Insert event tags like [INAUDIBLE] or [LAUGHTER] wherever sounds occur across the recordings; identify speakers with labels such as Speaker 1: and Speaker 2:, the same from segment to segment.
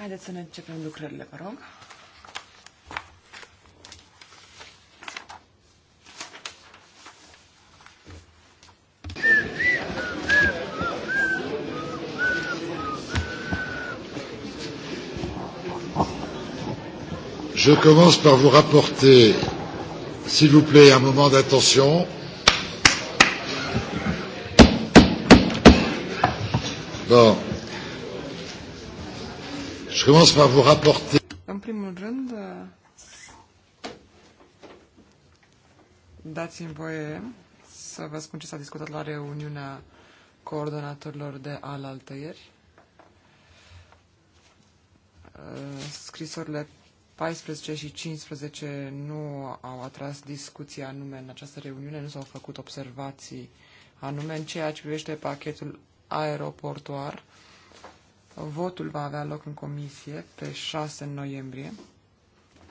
Speaker 1: Haideți să ne începem lucrările, vă rog.
Speaker 2: Je commence par vous rapporter, s'il vous plaît, un moment d'attention. Bon commence par vous rapporter.
Speaker 1: În primul rând, dați-mi voie să vă spun ce s-a discutat la reuniunea coordonatorilor de altăieri. Scrisorile 14 și 15 nu au atras discuția anume în această reuniune, nu s-au făcut observații anume în ceea ce privește pachetul aeroportuar. Votul va avea loc în comisie pe 6 noiembrie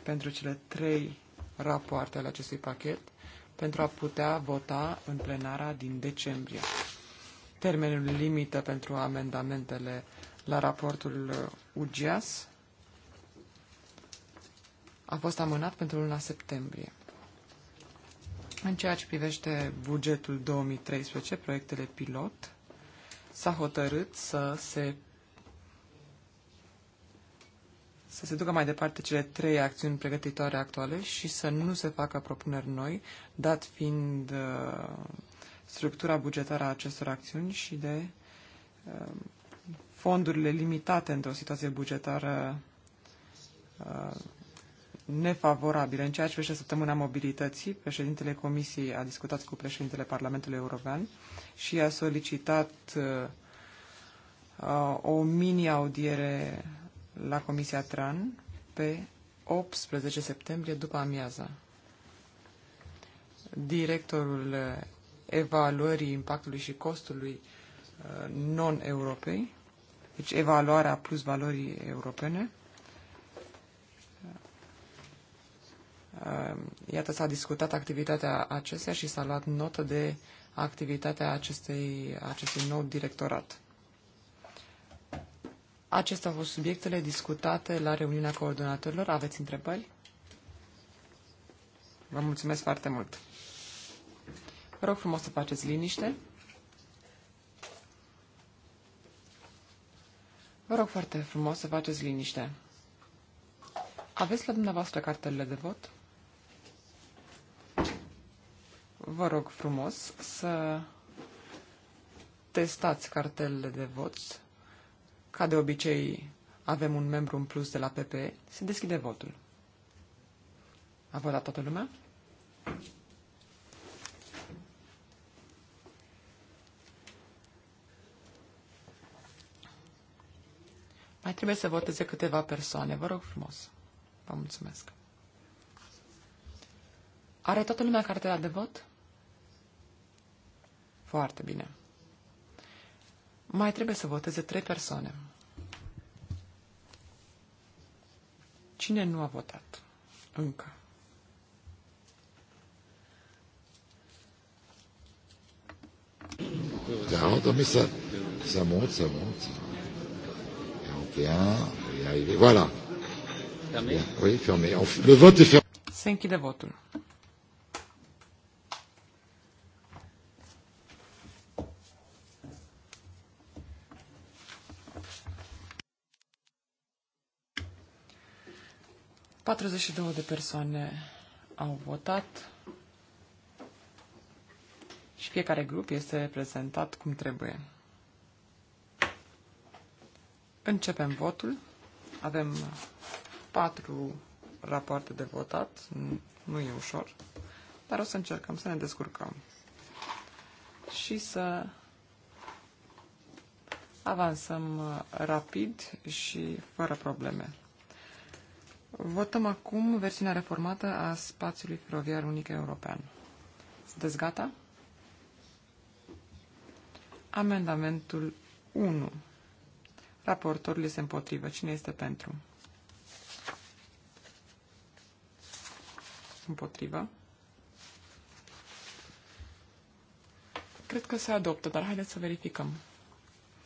Speaker 1: pentru cele trei rapoarte ale acestui pachet pentru a putea vota în plenara din decembrie. Termenul limită pentru amendamentele la raportul uh, UGIAS a fost amânat pentru luna septembrie. În ceea ce privește bugetul 2013, proiectele pilot, s-a hotărât să se să se ducă mai departe cele trei acțiuni pregătitoare actuale și să nu se facă propuneri noi, dat fiind uh, structura bugetară a acestor acțiuni și de uh, fondurile limitate într-o situație bugetară uh, nefavorabilă. În ceea ce privește săptămâna mobilității, președintele Comisiei a discutat cu președintele Parlamentului European și a solicitat uh, uh o mini-audiere la Comisia TRAN pe 18 septembrie după amiaza. Directorul uh, evaluării impactului și costului uh, non-europei, deci evaluarea plus valorii europene, uh, Iată, s-a discutat activitatea acestea și s-a luat notă de activitatea acestei, acestui nou directorat. Acestea au fost subiectele discutate la reuniunea coordonatorilor. Aveți întrebări? Vă mulțumesc foarte mult. Vă rog frumos să faceți liniște. Vă rog foarte frumos să faceți liniște. Aveți la dumneavoastră cartelele de vot? Vă rog frumos să testați cartelele de vot ca de obicei, avem un membru în plus de la PPE. Se deschide votul. A votat toată lumea? Mai trebuie să voteze câteva persoane. Vă rog frumos. Vă mulțumesc. Are toată lumea cartela de vot? Foarte bine. Mai trebuie să voteze trei persoane. Cine nu a votat? Încă.
Speaker 2: Da, Down, mais să, să monte, să monte. 41, on est arrivé. Voilà. Fermé. Oui, fermé. On, le vote est fermé.
Speaker 1: Se închide votul. 42 de persoane au votat și fiecare grup este reprezentat cum trebuie. Începem votul. Avem patru rapoarte de votat. Nu e ușor, dar o să încercăm să ne descurcăm și să avansăm uh, rapid și fără probleme. Votăm acum versiunea reformată a spațiului feroviar unic european. Sunteți gata? Amendamentul 1. Raportorul este împotrivă. Cine este pentru? Împotrivă. Cred că se adoptă, dar haideți să verificăm.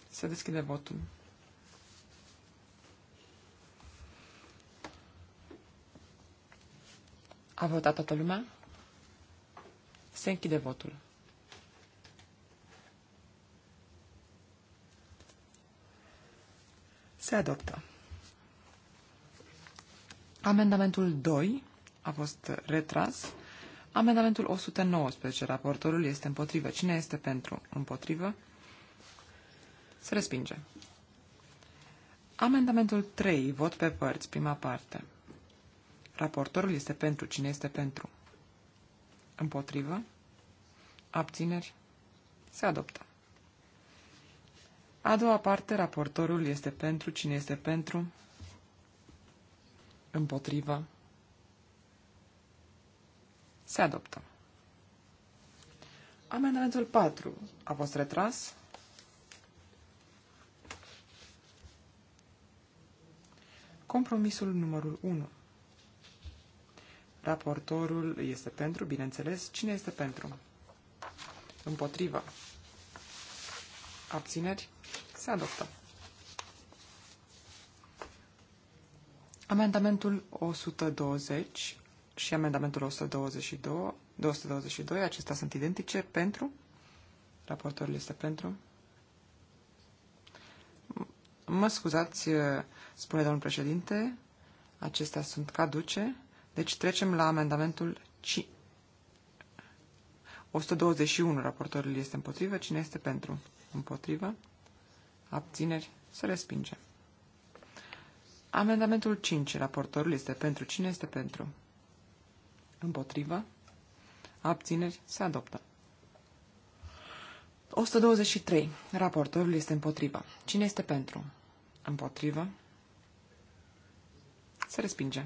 Speaker 1: Se deschide votul. A votat toată lumea? Se închide votul. Se adoptă. Amendamentul 2 a fost retras. Amendamentul 119. Raportorul este împotrivă. Cine este pentru? Împotrivă? Se respinge. Amendamentul 3. Vot pe părți. Prima parte. Raportorul este pentru. Cine este pentru? Împotrivă. Abțineri. Se adoptă. A doua parte, raportorul este pentru. Cine este pentru? Împotrivă. Se adoptă. Amendamentul 4 a fost retras. Compromisul numărul 1. Raportorul este pentru, bineînțeles. Cine este pentru? Împotrivă. Abțineri? Se adoptă. Amendamentul 120 și amendamentul 122, 222, acestea sunt identice pentru. Raportorul este pentru. Mă scuzați, spune domnul președinte, acestea sunt caduce. Deci trecem la amendamentul 5. 121. Raportorul este împotrivă. Cine este pentru? Împotrivă. Abțineri. Se respinge. Amendamentul 5. Raportorul este pentru. Cine este pentru? Împotrivă. Abțineri. Se adoptă. 123. Raportorul este împotrivă. Cine este pentru? Împotrivă. Se respinge.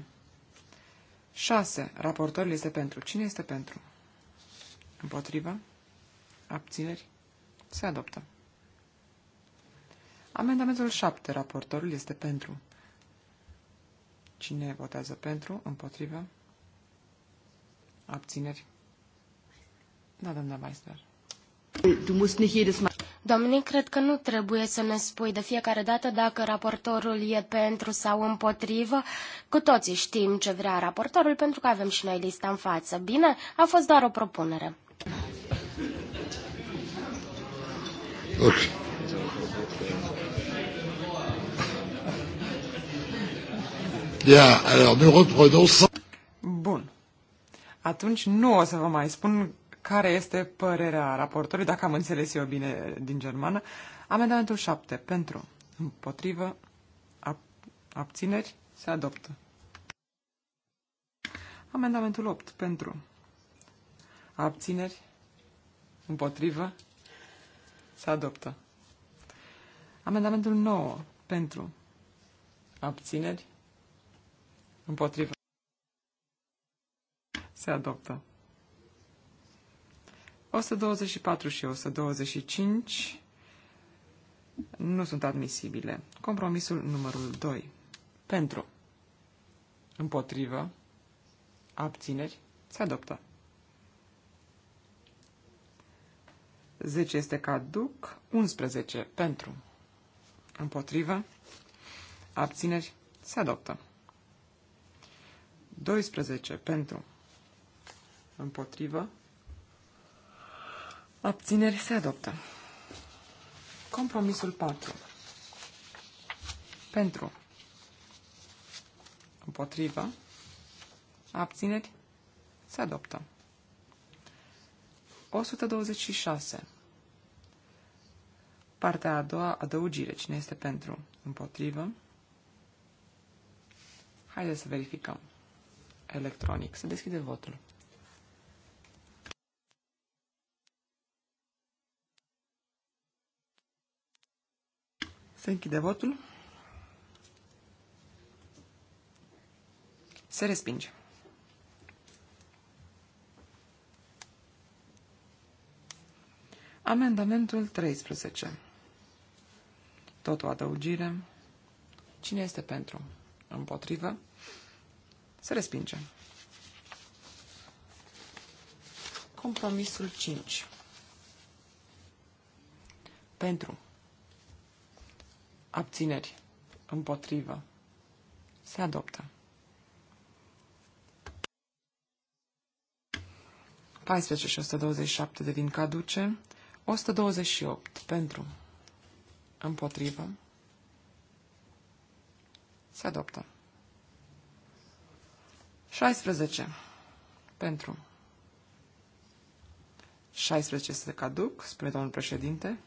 Speaker 1: 6. Raportorul este pentru. Cine este pentru? Împotrivă? Abțineri? Se adoptă. Amendamentul 7. Raportorul este pentru. Cine votează pentru? Împotrivă? Abțineri? Da, doamna Meister. Du musst nicht jedes Mal...
Speaker 3: Domnule, cred că nu trebuie să ne spui de fiecare dată dacă raportorul e pentru sau împotrivă. Cu toții știm ce vrea raportorul pentru că avem și noi lista în față. Bine, a fost doar o propunere.
Speaker 4: Okay.
Speaker 1: Bun. Atunci nu o să vă mai spun care este părerea raportorului, dacă am înțeles eu bine din germană. Amendamentul 7. Pentru. Împotrivă. Ab, abțineri. Se adoptă. Amendamentul 8. Pentru. Abțineri. Împotrivă. Se adoptă. Amendamentul 9. Pentru. Abțineri. Împotrivă. Se adoptă. 124 și 125 nu sunt admisibile. Compromisul numărul 2. Pentru. Împotrivă. Abțineri. Se adoptă. 10 este caduc. 11. Pentru. Împotrivă. Abțineri. Se adoptă. 12. Pentru. Împotrivă. Abțineri se adoptă. Compromisul 4. Pentru. Împotrivă. Abțineri se adoptă. 126. Partea a doua, adăugire. Cine este pentru? Împotrivă. Haideți să verificăm. Electronic. Să deschide votul. Se închide votul. Se respinge. Amendamentul 13. Tot o adăugire. Cine este pentru? Împotrivă? Se respinge. Compromisul 5. Pentru. Abțineri. Împotrivă. Se adoptă. 14 și 127 devin caduce. 128 pentru. Împotrivă. Se adoptă. 16 pentru. 16 este caduc, spune domnul președinte.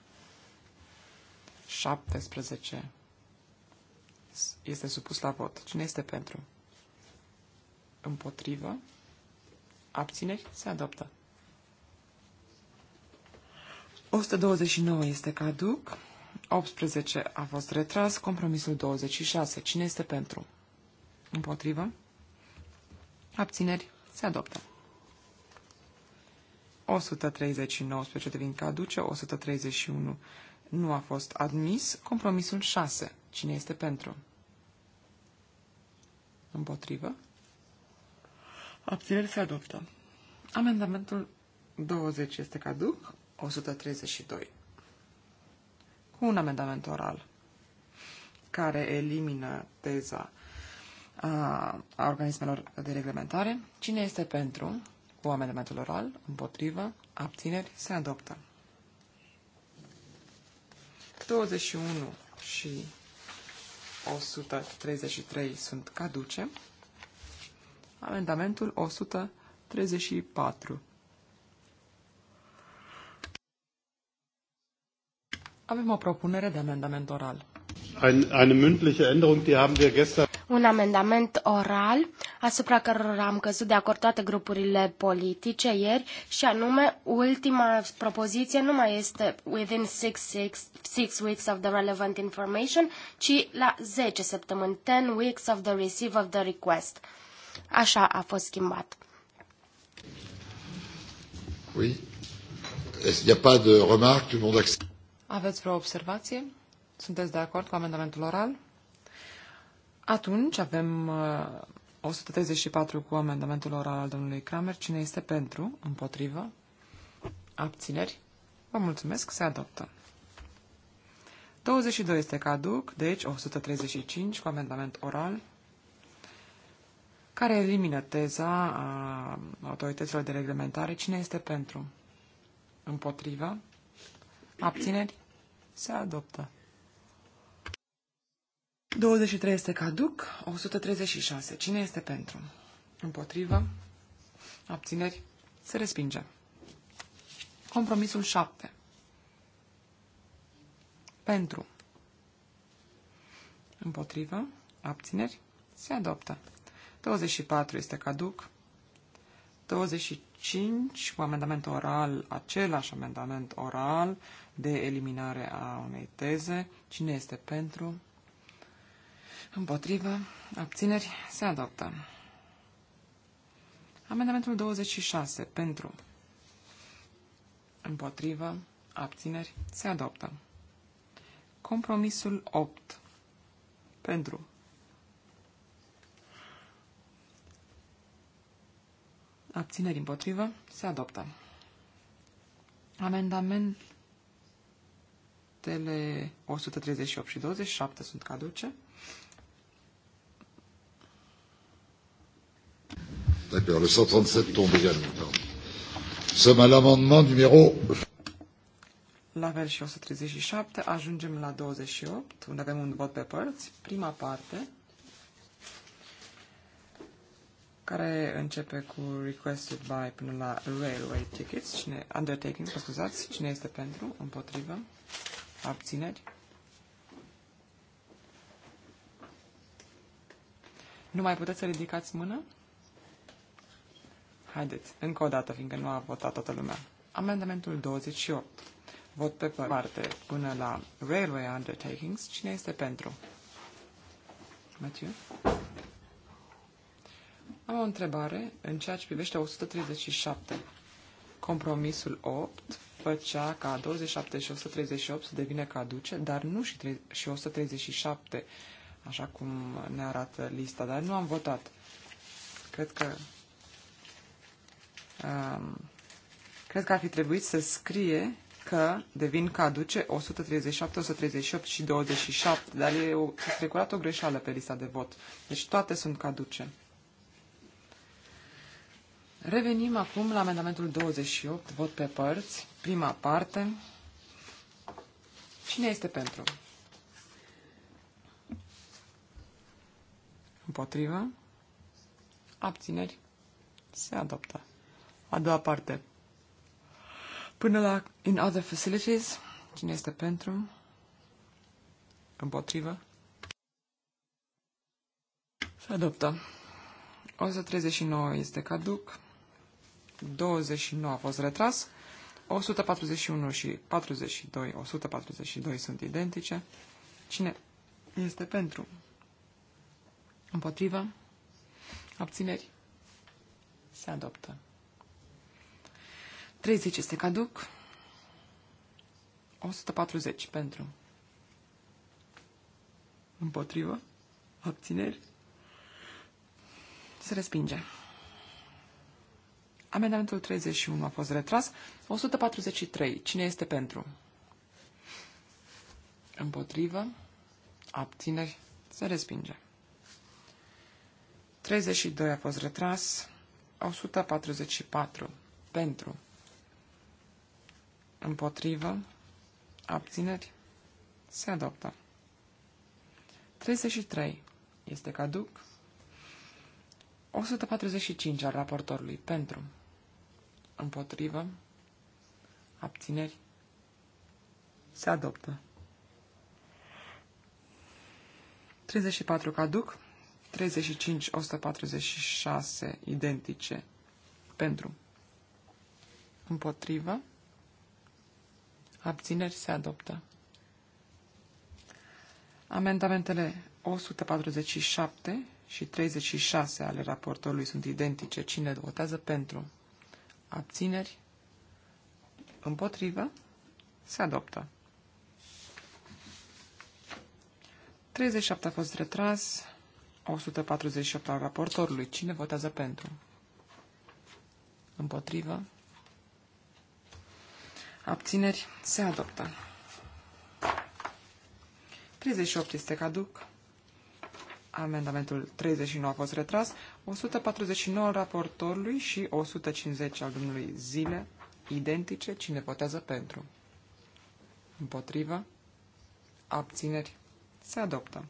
Speaker 1: 17 este supus la vot. Cine este pentru? Împotrivă. Abțineri? Se adoptă. 129 este caduc. 18 a fost retras. Compromisul 26. Cine este pentru? Împotrivă. Abțineri? Se adoptă. 130 19 devin caduce. 131 nu a fost admis compromisul 6. Cine este pentru? Împotrivă. Abțineri se adoptă. Amendamentul 20 este caduc. 132. Cu un amendament oral care elimină teza a, a organismelor de reglementare. Cine este pentru? Cu amendamentul oral, împotrivă, abțineri, se adoptă. 21 și 133 sunt caduce. Amendamentul 134. Avem o propunere de amendament oral.
Speaker 3: Un amendament oral asupra cărora am căzut de acord toate grupurile politice ieri, și anume ultima propoziție nu mai este within six, six, six weeks of the relevant information, ci la 10 săptămâni, 10 weeks of the receive of the request. Așa a fost schimbat.
Speaker 2: Oui. Il n'y a pas de
Speaker 1: remarque, tout le monde accepte. Aveți vreo observație? Sunteți de acord cu amendamentul oral? Atunci avem uh, 134 cu amendamentul oral al domnului Kramer. Cine este pentru? Împotrivă? Abțineri? Vă mulțumesc, se adoptă. 22 este caduc, deci 135 cu amendament oral, care elimină teza a autorităților de reglementare. Cine este pentru? Împotrivă? Abțineri? Se adoptă. 23 este caduc, 136. Cine este pentru? Împotrivă. Abțineri. Se respinge. Compromisul 7. Pentru. Împotrivă. Abțineri. Se adoptă. 24 este caduc. 25 cu amendament oral, același amendament oral de eliminare a unei teze. Cine este pentru? Împotrivă. Abțineri. Se adoptă. Amendamentul 26. Pentru. Împotrivă. Abțineri. Se adoptă. Compromisul 8. Pentru. Abțineri împotrivă. Se adoptă. Amendamentele 138 și 27 sunt caduce.
Speaker 2: D'accord, le 137 tombe également. Nous sommes à l'amendement numéro...
Speaker 1: La version și 137, ajungem la 28, unde avem un vot pe părți. Prima parte, care începe cu requested by până la railway tickets, cine, undertaking. mă scuzați, cine este pentru, împotrivă, abțineri. Nu mai puteți să ridicați mână? Haideți, încă o dată, fiindcă nu a votat toată lumea. Amendamentul 28. Vot pe parte până la Railway Undertakings. Cine este pentru? Mathieu? Am o întrebare în ceea ce privește 137. Compromisul 8 făcea ca 27 și 138 să devină caduce, dar nu și, și 137, așa cum ne arată lista, dar nu am votat. Cred că Um, cred că ar fi trebuit să scrie că devin caduce 137, 138 și 27, dar e o, s-a strecurat o greșeală pe lista de vot. Deci toate sunt caduce. Revenim acum la amendamentul 28, vot pe părți, prima parte. Cine este pentru? Împotrivă? Abțineri? Se adoptă. A doua parte. Până la in other facilities. Cine este pentru? Împotrivă. Se adoptă. 139 este caduc. 29 a fost retras. 141 și 42, 142 sunt identice. Cine este pentru? Împotrivă? Abțineri? Se adoptă. 30 este caduc. 140 pentru. Împotrivă. Abțineri. Se respinge. Amendamentul 31 a fost retras. 143. Cine este pentru? Împotrivă. Abțineri. Se respinge. 32 a fost retras. 144. Pentru. Împotrivă. Abțineri. Se adoptă. 33. Este caduc. 145 al raportorului. Pentru. Împotrivă. Abțineri. Se adoptă. 34 caduc. 35, 146 identice. Pentru. Împotrivă abțineri se adoptă. Amendamentele 147 și 36 ale raportorului sunt identice. Cine votează pentru? Abțineri? Împotrivă? Se adoptă. 37 a fost retras. 148 al raportorului. Cine votează pentru? Împotrivă? Abțineri se adoptă. 38 este caduc. Amendamentul 39 a fost retras. 149 raportorului și 150 al domnului Zile, identice, cine votează pentru. Împotrivă. Abțineri. Se adoptă.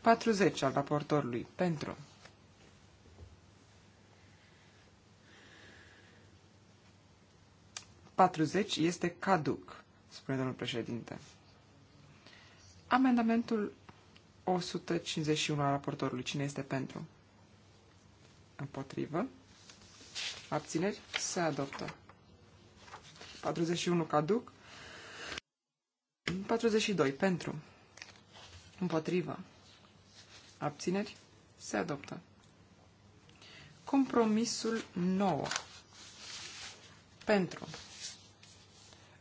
Speaker 1: 40 al raportorului pentru. 40 este caduc, spune domnul președinte. Amendamentul 151 al raportorului. Cine este pentru? Împotrivă. Abțineri? Se adoptă. 41 caduc. 42 pentru. Împotrivă. Abțineri? Se adoptă. Compromisul 9. Pentru.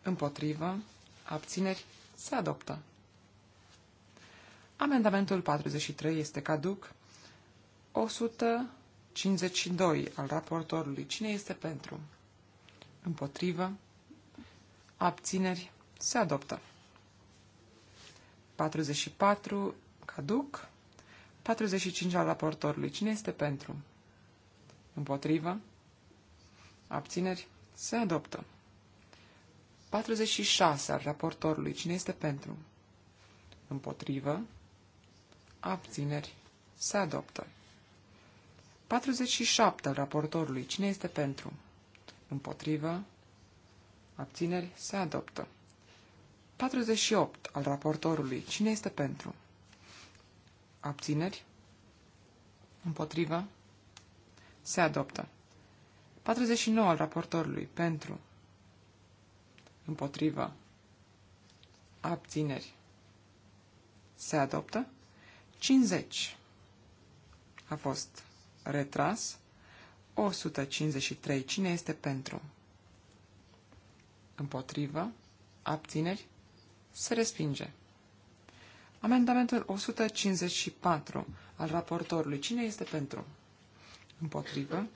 Speaker 1: Împotrivă. Abțineri. Se adoptă. Amendamentul 43 este caduc. 152 al raportorului. Cine este pentru? Împotrivă. Abțineri. Se adoptă. 44 caduc. 45 al raportorului. Cine este pentru? Împotrivă. Abțineri. Se adoptă. 46 al raportorului. Cine este pentru? Împotrivă. Abțineri. Se adoptă. 47 al raportorului. Cine este pentru? Împotrivă. Abțineri. Se adoptă. 48 al raportorului. Cine este pentru? Abțineri. Împotrivă. Se adoptă. 49 al raportorului. Pentru. Împotrivă. Abțineri. Se adoptă. 50. A fost retras. 153. Cine este pentru? Împotrivă. Abțineri. Se respinge. Amendamentul 154 al raportorului. Cine este pentru? Împotrivă.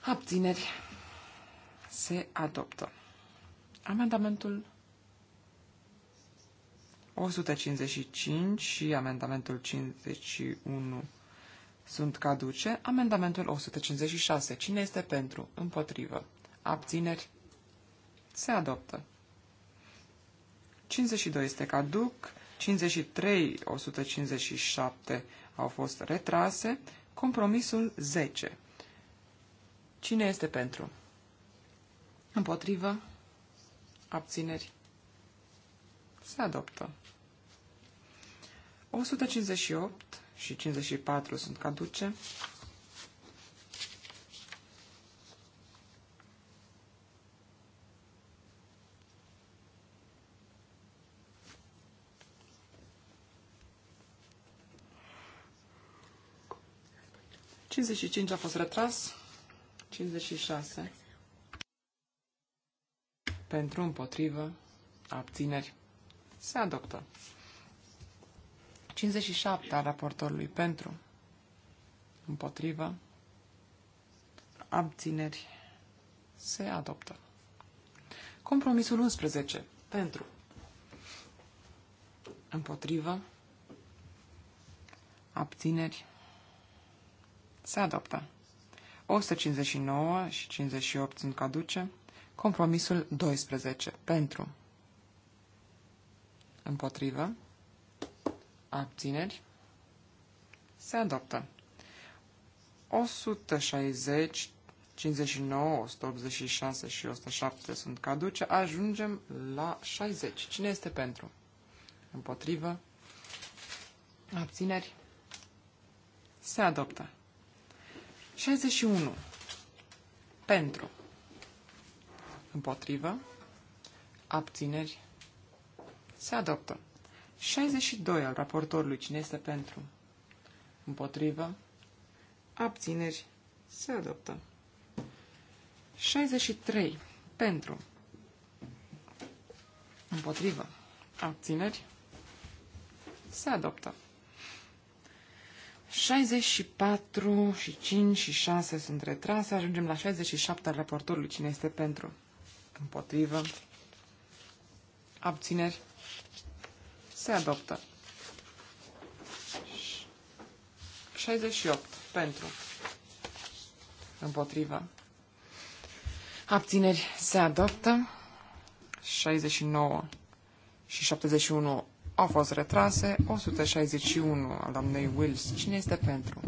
Speaker 1: Abțineri. Se adoptă. Amendamentul 155 și amendamentul 51 sunt caduce. Amendamentul 156. Cine este pentru? Împotrivă. Abțineri? Se adoptă. 52 este caduc. 53, 157 au fost retrase. Compromisul 10. Cine este pentru? Împotrivă? Abțineri. Se adoptă. 158 și 54 sunt caduce. Cincizeci și cinci a fost retras. 56. și pentru, împotrivă, abțineri, se adoptă. 57 a raportorului pentru, împotrivă, abțineri, se adoptă. Compromisul 11 pentru, împotrivă, abțineri, se adoptă. 159 și 58 sunt caduce. Compromisul 12. Pentru. Împotrivă. Abțineri. Se adoptă. 160, 59, 186 și 107 sunt caduce. Ajungem la 60. Cine este pentru? Împotrivă. Abțineri. Se adoptă. 61. Pentru. Împotrivă. Abțineri. Se adoptă. 62 al raportorului. Cine este pentru? Împotrivă. Abțineri. Se adoptă. 63. Pentru. Împotrivă. Abțineri. Se adoptă. 64 și 5 și 6 sunt retrase. Ajungem la 67 al raportorului. Cine este pentru? Împotrivă. Abțineri. Se adoptă. 68. Pentru. Împotrivă. Abțineri. Se adoptă. 69 și 71 au fost retrase. 161 al doamnei Wills. Cine este pentru?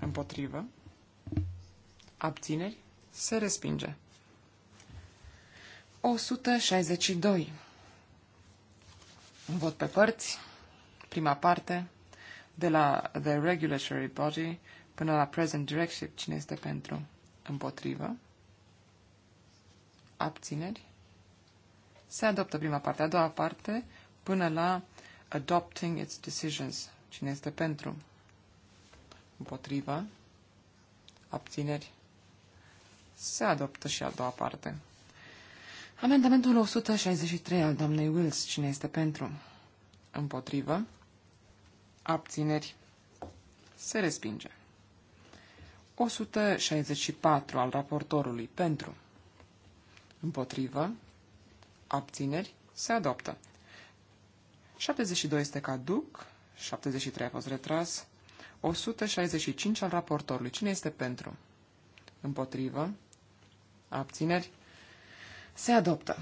Speaker 1: Împotrivă abțineri, se respinge. 162. Un vot pe părți. Prima parte, de la The Regulatory Body până la Present Directive, cine este pentru, împotrivă, abțineri. Se adoptă prima parte. A doua parte, până la Adopting its Decisions, cine este pentru, împotrivă, abțineri se adoptă și a doua parte. Amendamentul 163 al doamnei Wills. Cine este pentru? Împotrivă. Abțineri. Se respinge. 164 al raportorului pentru. Împotrivă. Abțineri. Se adoptă. 72 este caduc. 73 a fost retras. 165 al raportorului. Cine este pentru? Împotrivă abțineri, se adoptă.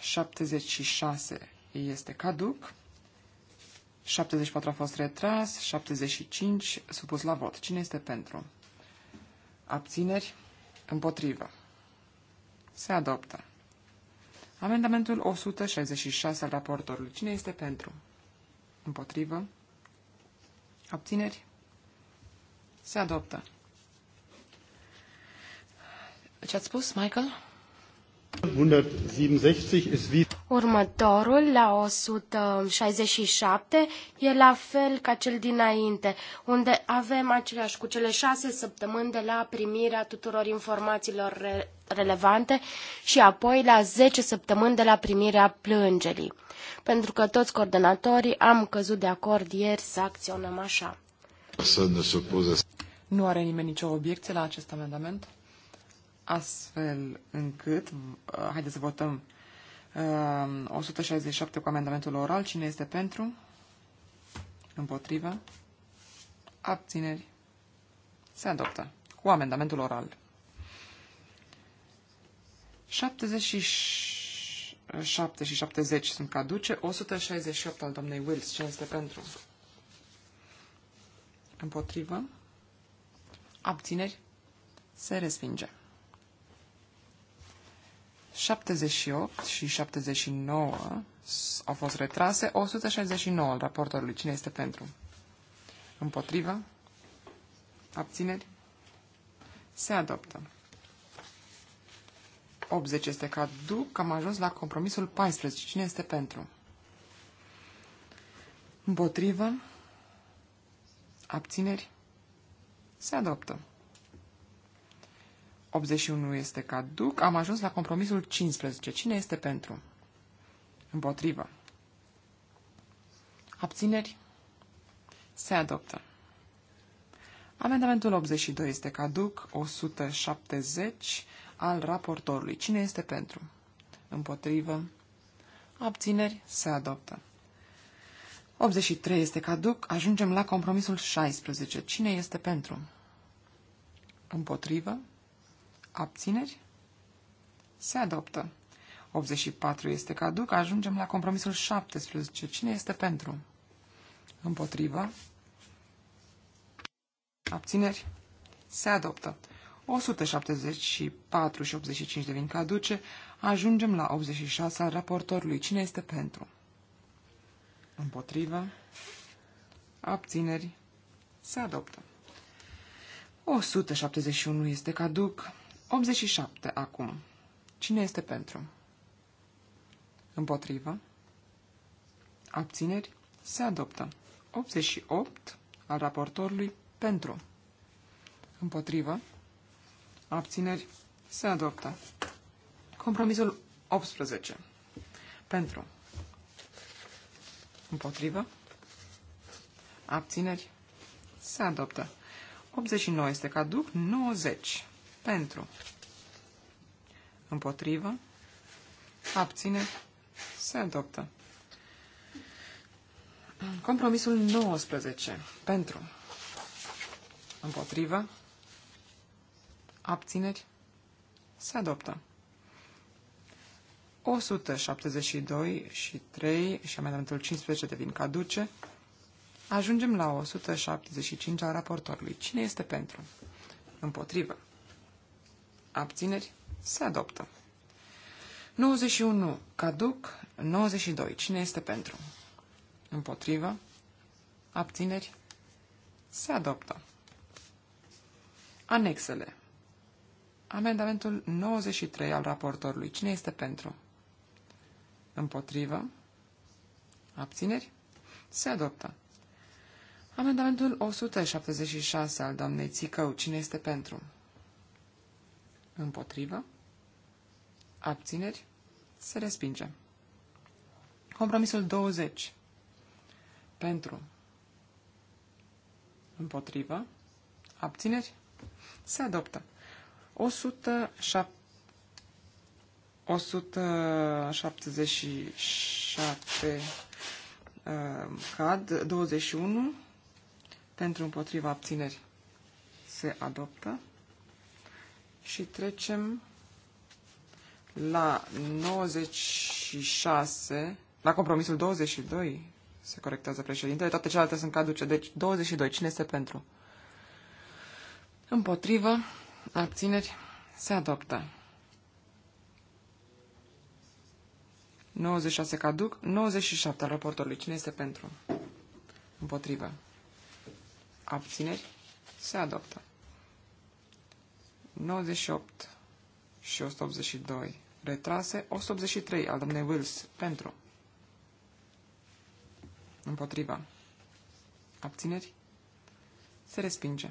Speaker 1: 76 este caduc, 74 a fost retras, 75 supus la vot. Cine este pentru? Abțineri, împotrivă. Se adoptă. Amendamentul 166 al raportorului. Cine este pentru? Împotrivă. Abțineri? Se adoptă. Ce ați spus, Michael?
Speaker 2: 167 este...
Speaker 1: Următorul,
Speaker 3: la 167, e la fel ca cel dinainte, unde avem aceleași cu cele șase săptămâni de la primirea tuturor informațiilor re relevante și apoi la 10 săptămâni de la primirea plângerii. Pentru că toți coordonatorii am căzut de acord ieri să acționăm așa.
Speaker 1: Nu are nimeni nicio obiecție la acest amendament? astfel încât, uh, haideți să votăm 167 uh, cu amendamentul oral. Cine este pentru? Împotrivă? Abțineri? Se adoptă cu amendamentul oral. 77 și 70 sunt caduce, 168 al domnei Wills, cine este pentru? Împotrivă? Abțineri? Se respinge. 78 și 79 au fost retrase, 169 al raportorului. Cine este pentru? Împotrivă? Abțineri? Se adoptă. 80 este caduc, am ajuns la compromisul 14. Cine este pentru? Împotrivă? Abțineri? Se adoptă. 81 este caduc. Am ajuns la compromisul 15. Cine este pentru? Împotrivă. Abțineri? Se adoptă. Amendamentul 82 este caduc. 170 al raportorului. Cine este pentru? Împotrivă. Abțineri? Se adoptă. 83 este caduc. Ajungem la compromisul 16. Cine este pentru? Împotrivă. Abțineri? Se adoptă. 84 este caduc. Ajungem la compromisul 17. Cine este pentru? Împotrivă? Abțineri? Se adoptă. 174 și 85 devin caduce. Ajungem la 86 al raportorului. Cine este pentru? Împotrivă? Abțineri? Se adoptă. 171 este caduc. 87 acum. Cine este pentru? Împotrivă. Abțineri. Se adoptă. 88 al raportorului pentru. Împotrivă. Abțineri. Se adoptă. Compromisul 18. Pentru. Împotrivă. Abțineri. Se adoptă. 89 este caduc. 90. Pentru. Împotrivă. abține, Se adoptă. Compromisul 19. Pentru. Împotrivă. Abțineri. Se adoptă. 172 și 3 și amendamentul 15 devin caduce. Ajungem la 175 a raportorului. Cine este pentru? Împotrivă. Abțineri? Se adoptă. 91. Caduc. 92. Cine este pentru? Împotrivă. Abțineri? Se adoptă. Anexele. Amendamentul 93 al raportorului. Cine este pentru? Împotrivă. Abțineri? Se adoptă. Amendamentul 176 al doamnei Țicău. Cine este pentru? Împotrivă. Abțineri. Se respinge. Compromisul 20. Pentru. Împotrivă. Abțineri. Se adoptă. 177 uh, cad, 21 pentru împotriva abțineri se adoptă, și trecem la 96, la compromisul 22, se corectează președintele, toate celelalte sunt caduce. Deci 22, cine este pentru? Împotrivă, abțineri, se adoptă. 96 caduc, 97 al raportului, Cine este pentru? Împotrivă. Abțineri? Se adoptă. 98 și 182 retrase, 183 al domnului Wills pentru, împotriva, abțineri, se respinge.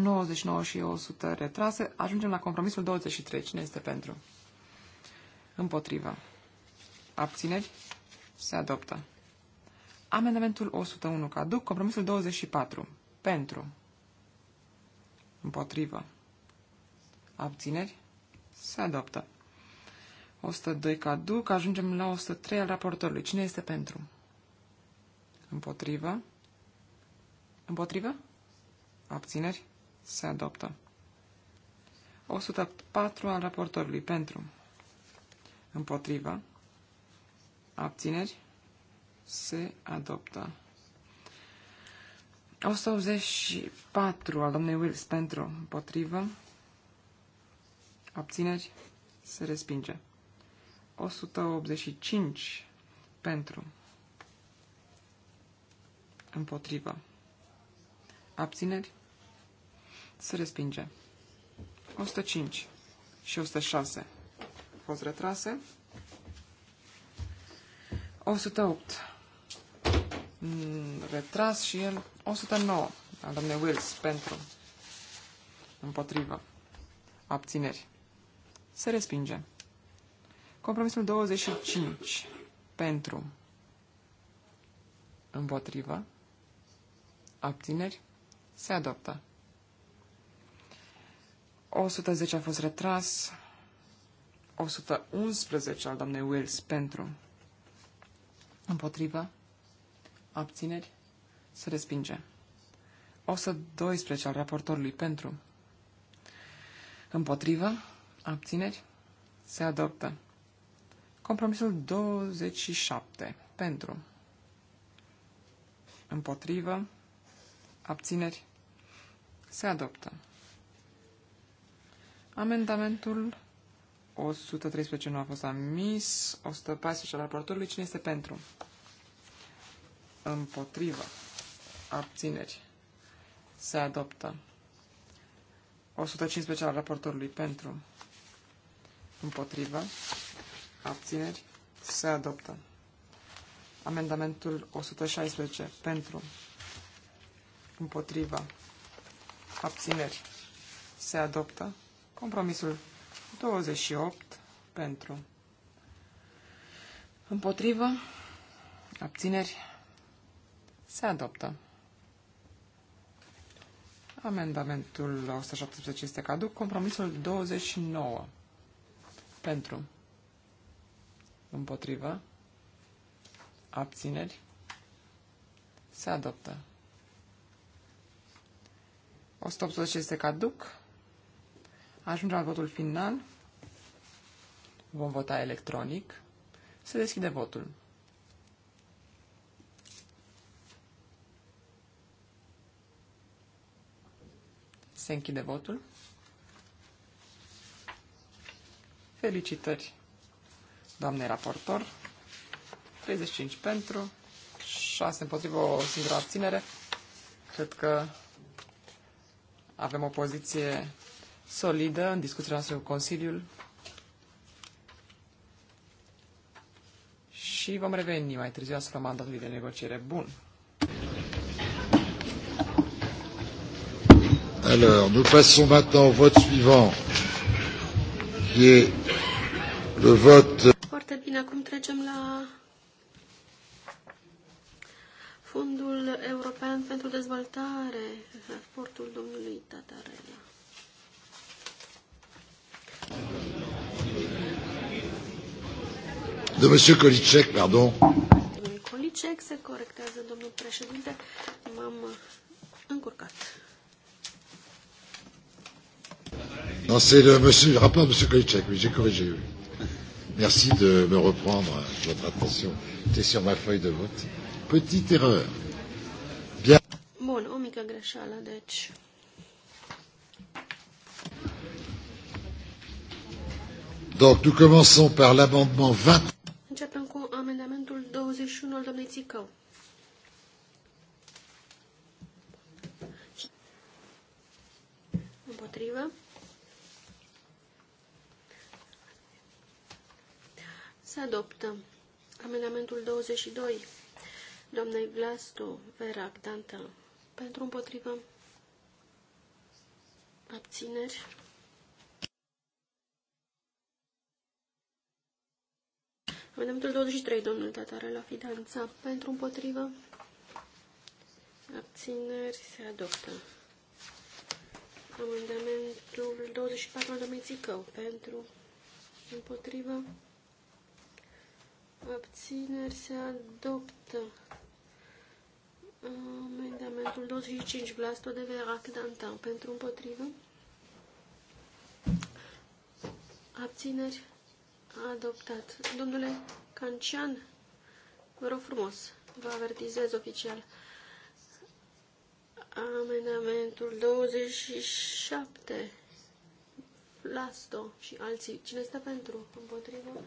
Speaker 1: ...99 și 100 retrase, ajungem la compromisul 23. Cine este pentru? Împotriva. Abțineri? Se adoptă. Amendamentul 101 caduc, compromisul 24. Pentru. Împotrivă. Abțineri. Se adoptă. 102 caduc, ajungem la 103 al raportorului. Cine este pentru? Împotrivă. Împotrivă? Abțineri. Se adoptă. 104 al raportorului. Pentru. Împotrivă. Abțineri se adoptă. 184 al domnului Wills pentru împotrivă. Abțineri se respinge. 185 pentru împotrivă. Abțineri se respinge. 105 și 106 au fost retrase. 108 Mm, retras și el 109 al doamnei Wills pentru împotrivă abțineri. Se respinge. Compromisul 25 pentru împotrivă abțineri se adoptă. 110 a fost retras, 111 al doamnei Wills pentru împotrivă abțineri, se respinge. 112 al raportorului pentru, împotrivă, abțineri, se adoptă. Compromisul 27 pentru, împotrivă, abțineri, se adoptă. Amendamentul 113 nu a fost amis, 114 al raportorului, cine este pentru? împotrivă, abțineri, se adoptă. 115 al raportorului pentru, împotrivă, abțineri, se adoptă. Amendamentul 116 pentru, împotrivă, abțineri, se adoptă. Compromisul 28 pentru, împotrivă, abțineri, se adoptă. Amendamentul 170 este caduc. Compromisul 29. Pentru. Împotrivă. Abțineri. Se adoptă. 180 este caduc. Ajungem la votul final. Vom vota electronic. Se deschide votul. Se închide votul. Felicitări, doamnei raportor. 35 pentru, 6 împotriva o singură abținere. Cred că avem o poziție solidă în discuția noastră cu Consiliul. Și vom reveni mai târziu asupra mandatului de negociere. Bun.
Speaker 2: Alors, nous passons maintenant au vote suivant, qui est le vote.
Speaker 4: Foarte bine, acum trecem la Fondul European pentru Dezvoltare, raportul domnului Tatarella.
Speaker 2: De Monsieur Kolicek, pardon.
Speaker 4: Domnul Kolicek, se corectează domnul președinte, m-am încurcat.
Speaker 2: Non, c'est le, le rapport de M. Kolitschek, oui, j'ai corrigé. Oui. Merci de me reprendre votre attention. J'étais sur ma feuille de vote. Petite erreur. Bien.
Speaker 4: Bun, o mică greșeală, deci.
Speaker 2: Donc, nous commençons par l'amendement 20.
Speaker 4: Începem cu amendamentul 21 al domnului Țicău. Împotrivă. Se adoptă. Amendamentul 22. Doamnei Vlastu, Vera, Dantă. Pentru împotrivă. Abțineri. Amendamentul 23, domnul Tatare, la fidanța. Pentru împotrivă. Abțineri. Se adoptă. Amendamentul 24 domnul Țicău. Pentru împotrivă abțineri se adoptă. Amendamentul 25 tot de Verac Dantan pentru împotrivă. Abțineri adoptat. Domnule Cancian, vă rog frumos, vă avertizez oficial. Amendamentul 27 Lasto și alții. Cine stă pentru? Împotrivă?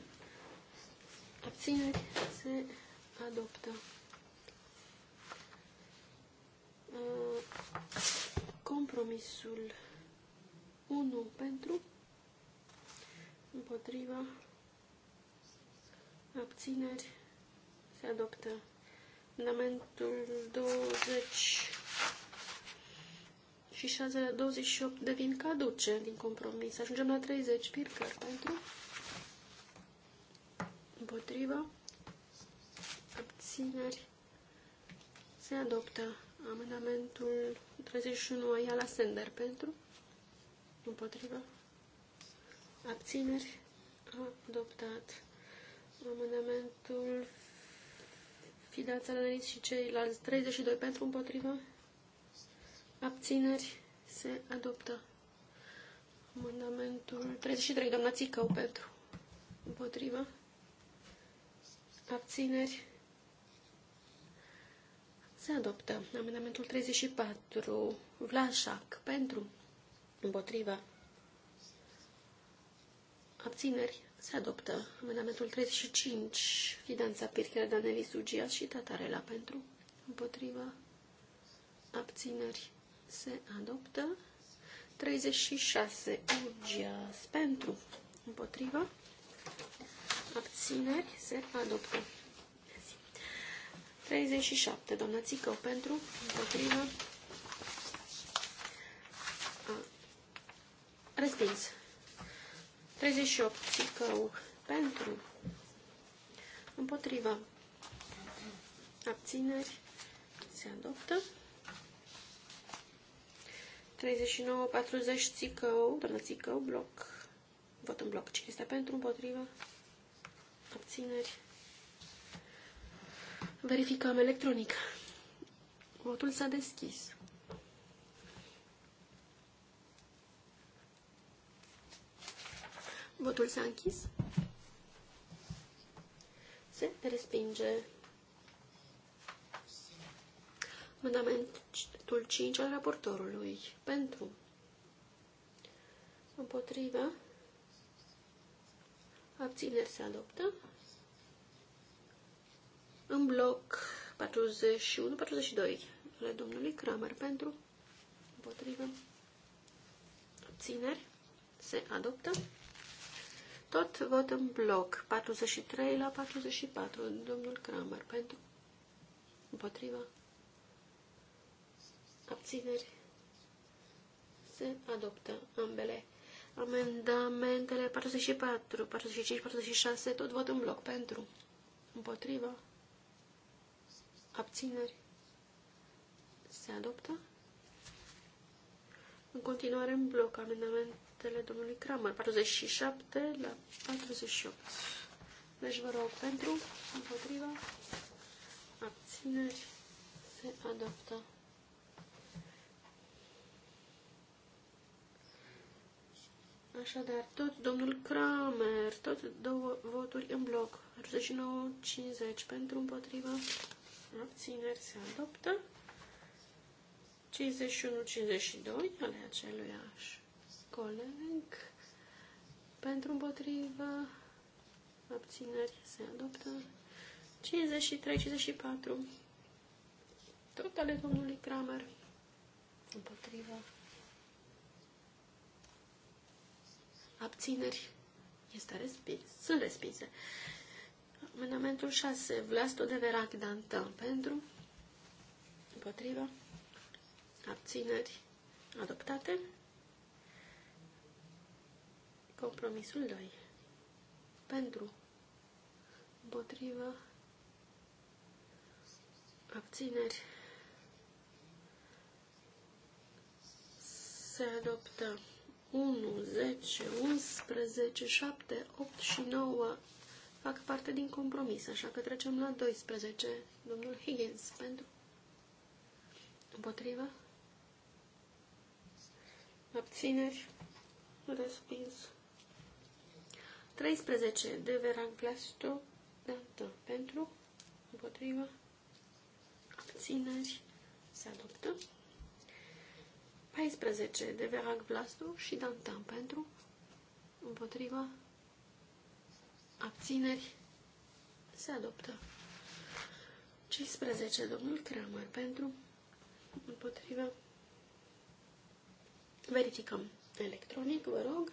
Speaker 4: abțineri, se adoptă. Uh, compromisul 1 pentru, împotriva, abțineri, se adoptă. Amendamentul 20 și 6 la 28 devin caduce din compromis. Ajungem la 30 pircări pentru Împotrivă. Abțineri. Se adoptă amendamentul 31 aia la sender pentru. Împotrivă. Abțineri. Adoptat. Amendamentul fidața la și ceilalți 32 pentru împotrivă. Abțineri. Se adoptă. Amendamentul 33, doamna Țicău, pentru. împotriva, abțineri, se adoptă. Amendamentul 34, Vlașac, pentru, împotriva, abțineri, se adoptă. Amendamentul 35, Fidanța Pirchera, Daneli Sugia și Tatarela, pentru, împotriva, abțineri, se adoptă. 36, Ugias, pentru, împotriva, abțineri, se adoptă. 37, doamna Țică, pentru, împotrivă, respins. 38, Țică, pentru, împotrivă, abțineri, se adoptă. 39, 40, Țicău, doamna Țicău, bloc, vot în bloc, cine este pentru, împotriva? abțineri. Verificăm electronic. Votul s-a deschis. Votul s-a închis. Se respinge. Amendamentul 5 al raportorului. Pentru. Împotrivă abțineri se adoptă. În bloc 41-42 ale domnului Kramer pentru, împotrivă, abțineri se adoptă. Tot vot în bloc 43 la 44, domnul Kramer pentru, împotrivă, abțineri se adoptă ambele Amendamentele 44, 45, 46, tot vot în bloc pentru. Împotrivă. Abțineri. Se adoptă. În continuare în bloc amendamentele domnului Kramer, 47 la 48. Deci vă rog pentru, împotriva, abțineri, se adoptă. Așadar, tot domnul Kramer, tot două voturi în bloc. 49-50 pentru împotriva. Abțineri se adoptă. 51-52 ale aceluiași coleg. Pentru împotriva. Abțineri se adoptă. 53-54. Tot ale domnului Kramer. Împotriva. abțineri, este respins, sunt respinse. Amendamentul 6, Vlasto de Verac Dantă, pentru, împotriva, abțineri, adoptate. Compromisul 2, pentru, împotriva, abțineri, se adoptă. 1, 10, 11, 7, 8 și 9 fac parte din compromis, așa că trecem la 12. Domnul Higgins, pentru împotriva abțineri respins 13 de veran veranclasto dată da, pentru împotriva abțineri se adoptă 14 de Verac Vlastu și Dantan pentru, împotriva, abțineri, se adoptă. 15 domnul Kramer pentru, împotriva, verificăm electronic, vă rog,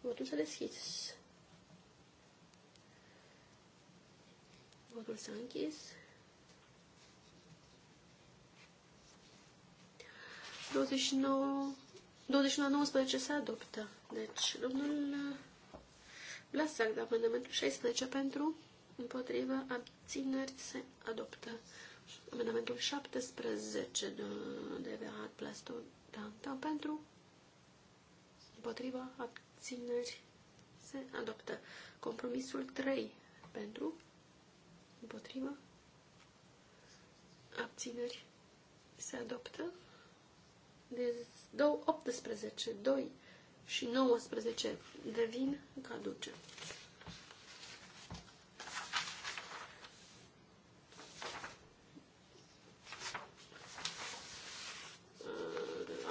Speaker 4: votul s-a deschis, votul s-a închis, 29, 19 se adoptă. Deci, domnul Blasac, de amendamentul 16 pentru, împotrivă, abțineri se adoptă. Amendamentul 17 de, de Vehat da, da, pentru, împotriva, abțineri se adoptă. Compromisul 3 pentru, împotriva, abțineri se adoptă de 18, 2 și 19 devin caduce. Uh,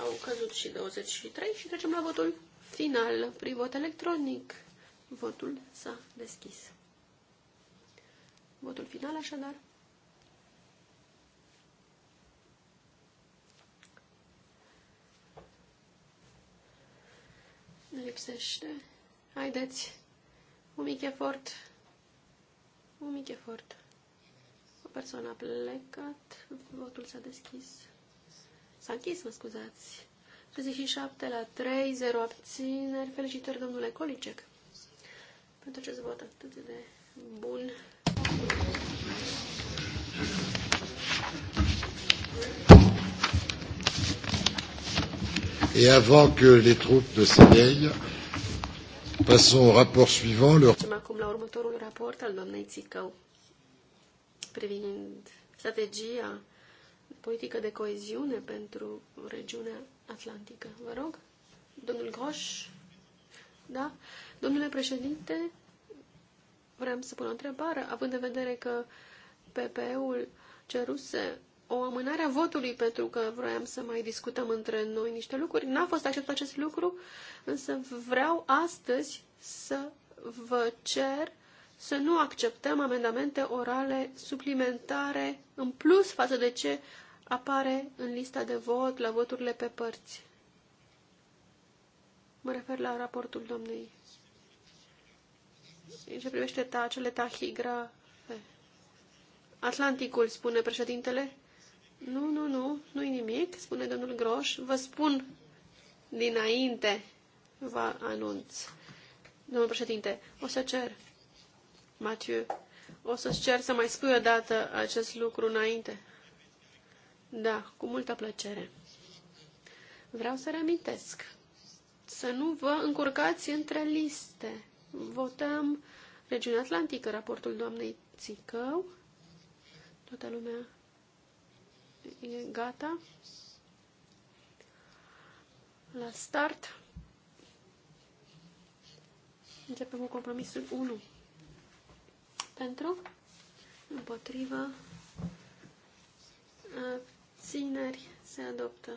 Speaker 4: au căzut și 23 și trecem la votul final prin vot electronic. Votul s-a deschis. Votul final, așadar. ne lipsește. Haideți, un mic efort, un mic efort. O persoană a plecat, votul s-a deschis. S-a închis, mă scuzați. 37 la 3, 0 abțineri. Felicitări, domnule Colicec, pentru acest vot atât de bun.
Speaker 2: Et avant que les troupes ne s'éveillent, passons au rapport suivant. Le...
Speaker 4: strategia politică de coeziune pentru regiunea atlantică. Vă rog, domnul Groș, da? Domnule președinte, vreau să pun o întrebare, având în vedere că ppe ul ceruse o amânare a votului pentru că vroiam să mai discutăm între noi niște lucruri. N-a fost acceptat acest lucru, însă vreau astăzi să vă cer să nu acceptăm amendamente orale suplimentare în plus față de ce apare în lista de vot la voturile pe părți. Mă refer la raportul domnei. În ce privește ta, acele tahigrafe. Atlanticul, spune președintele, nu, nu, nu, nu-i nimic, spune domnul Groș. Vă spun dinainte, vă anunț. Domnul președinte, o să cer, Mathieu, o să-ți cer să mai spui o dată acest lucru înainte. Da, cu multă plăcere. Vreau să reamintesc să nu vă încurcați între liste. Votăm regiunea atlantică, raportul doamnei Țicău. Toată lumea e gata. La start. Începem cu compromisul 1. Pentru, împotriva, țineri se adoptă.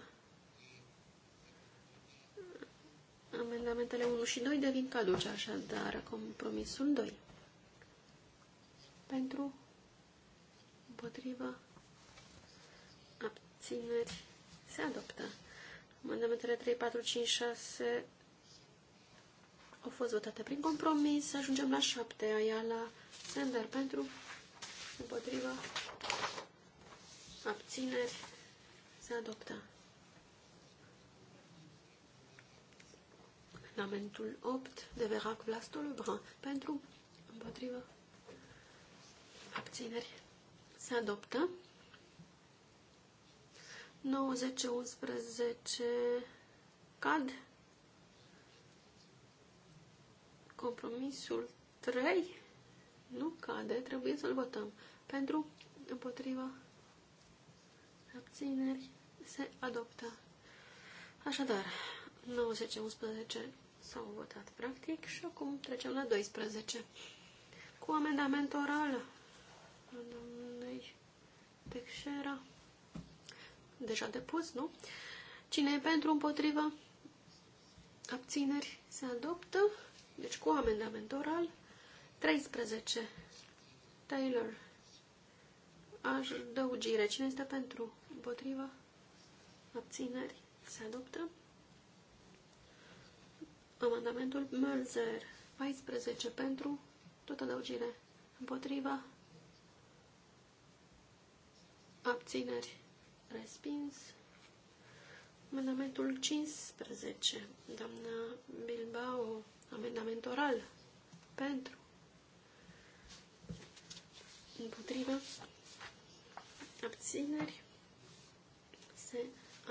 Speaker 4: Amendamentele 1 și 2 devin caduce, așadar compromisul 2. Pentru, împotriva, susțineri. se adoptă. Amendamentele 3, 4, 5, 6 au fost votate prin compromis. Ajungem la 7, aia la sender pentru, împotriva, abțineri, se adoptă. Amendamentul 8 de Verac Vlastol pentru, împotriva, abțineri, se adoptă. 9, 10, 11 cad. Compromisul 3 nu cade, trebuie să-l votăm. Pentru, împotriva, abțineri, se adoptă. Așadar, 9, 10, 11 s-au votat practic și acum trecem la 12. Cu amendament oral, domnului Texera deja depus, nu? Cine e pentru, împotrivă, abțineri, se adoptă. Deci cu amendament oral. 13. Taylor. Aș dăugire. Cine este pentru? Împotrivă? Abțineri? Se adoptă? Amendamentul Mölzer. 14 pentru? Tot adăugire. Împotriva? Abțineri? respins. Amendamentul 15, doamna Bilbao, amendament oral, pentru, împotrivă, abțineri, se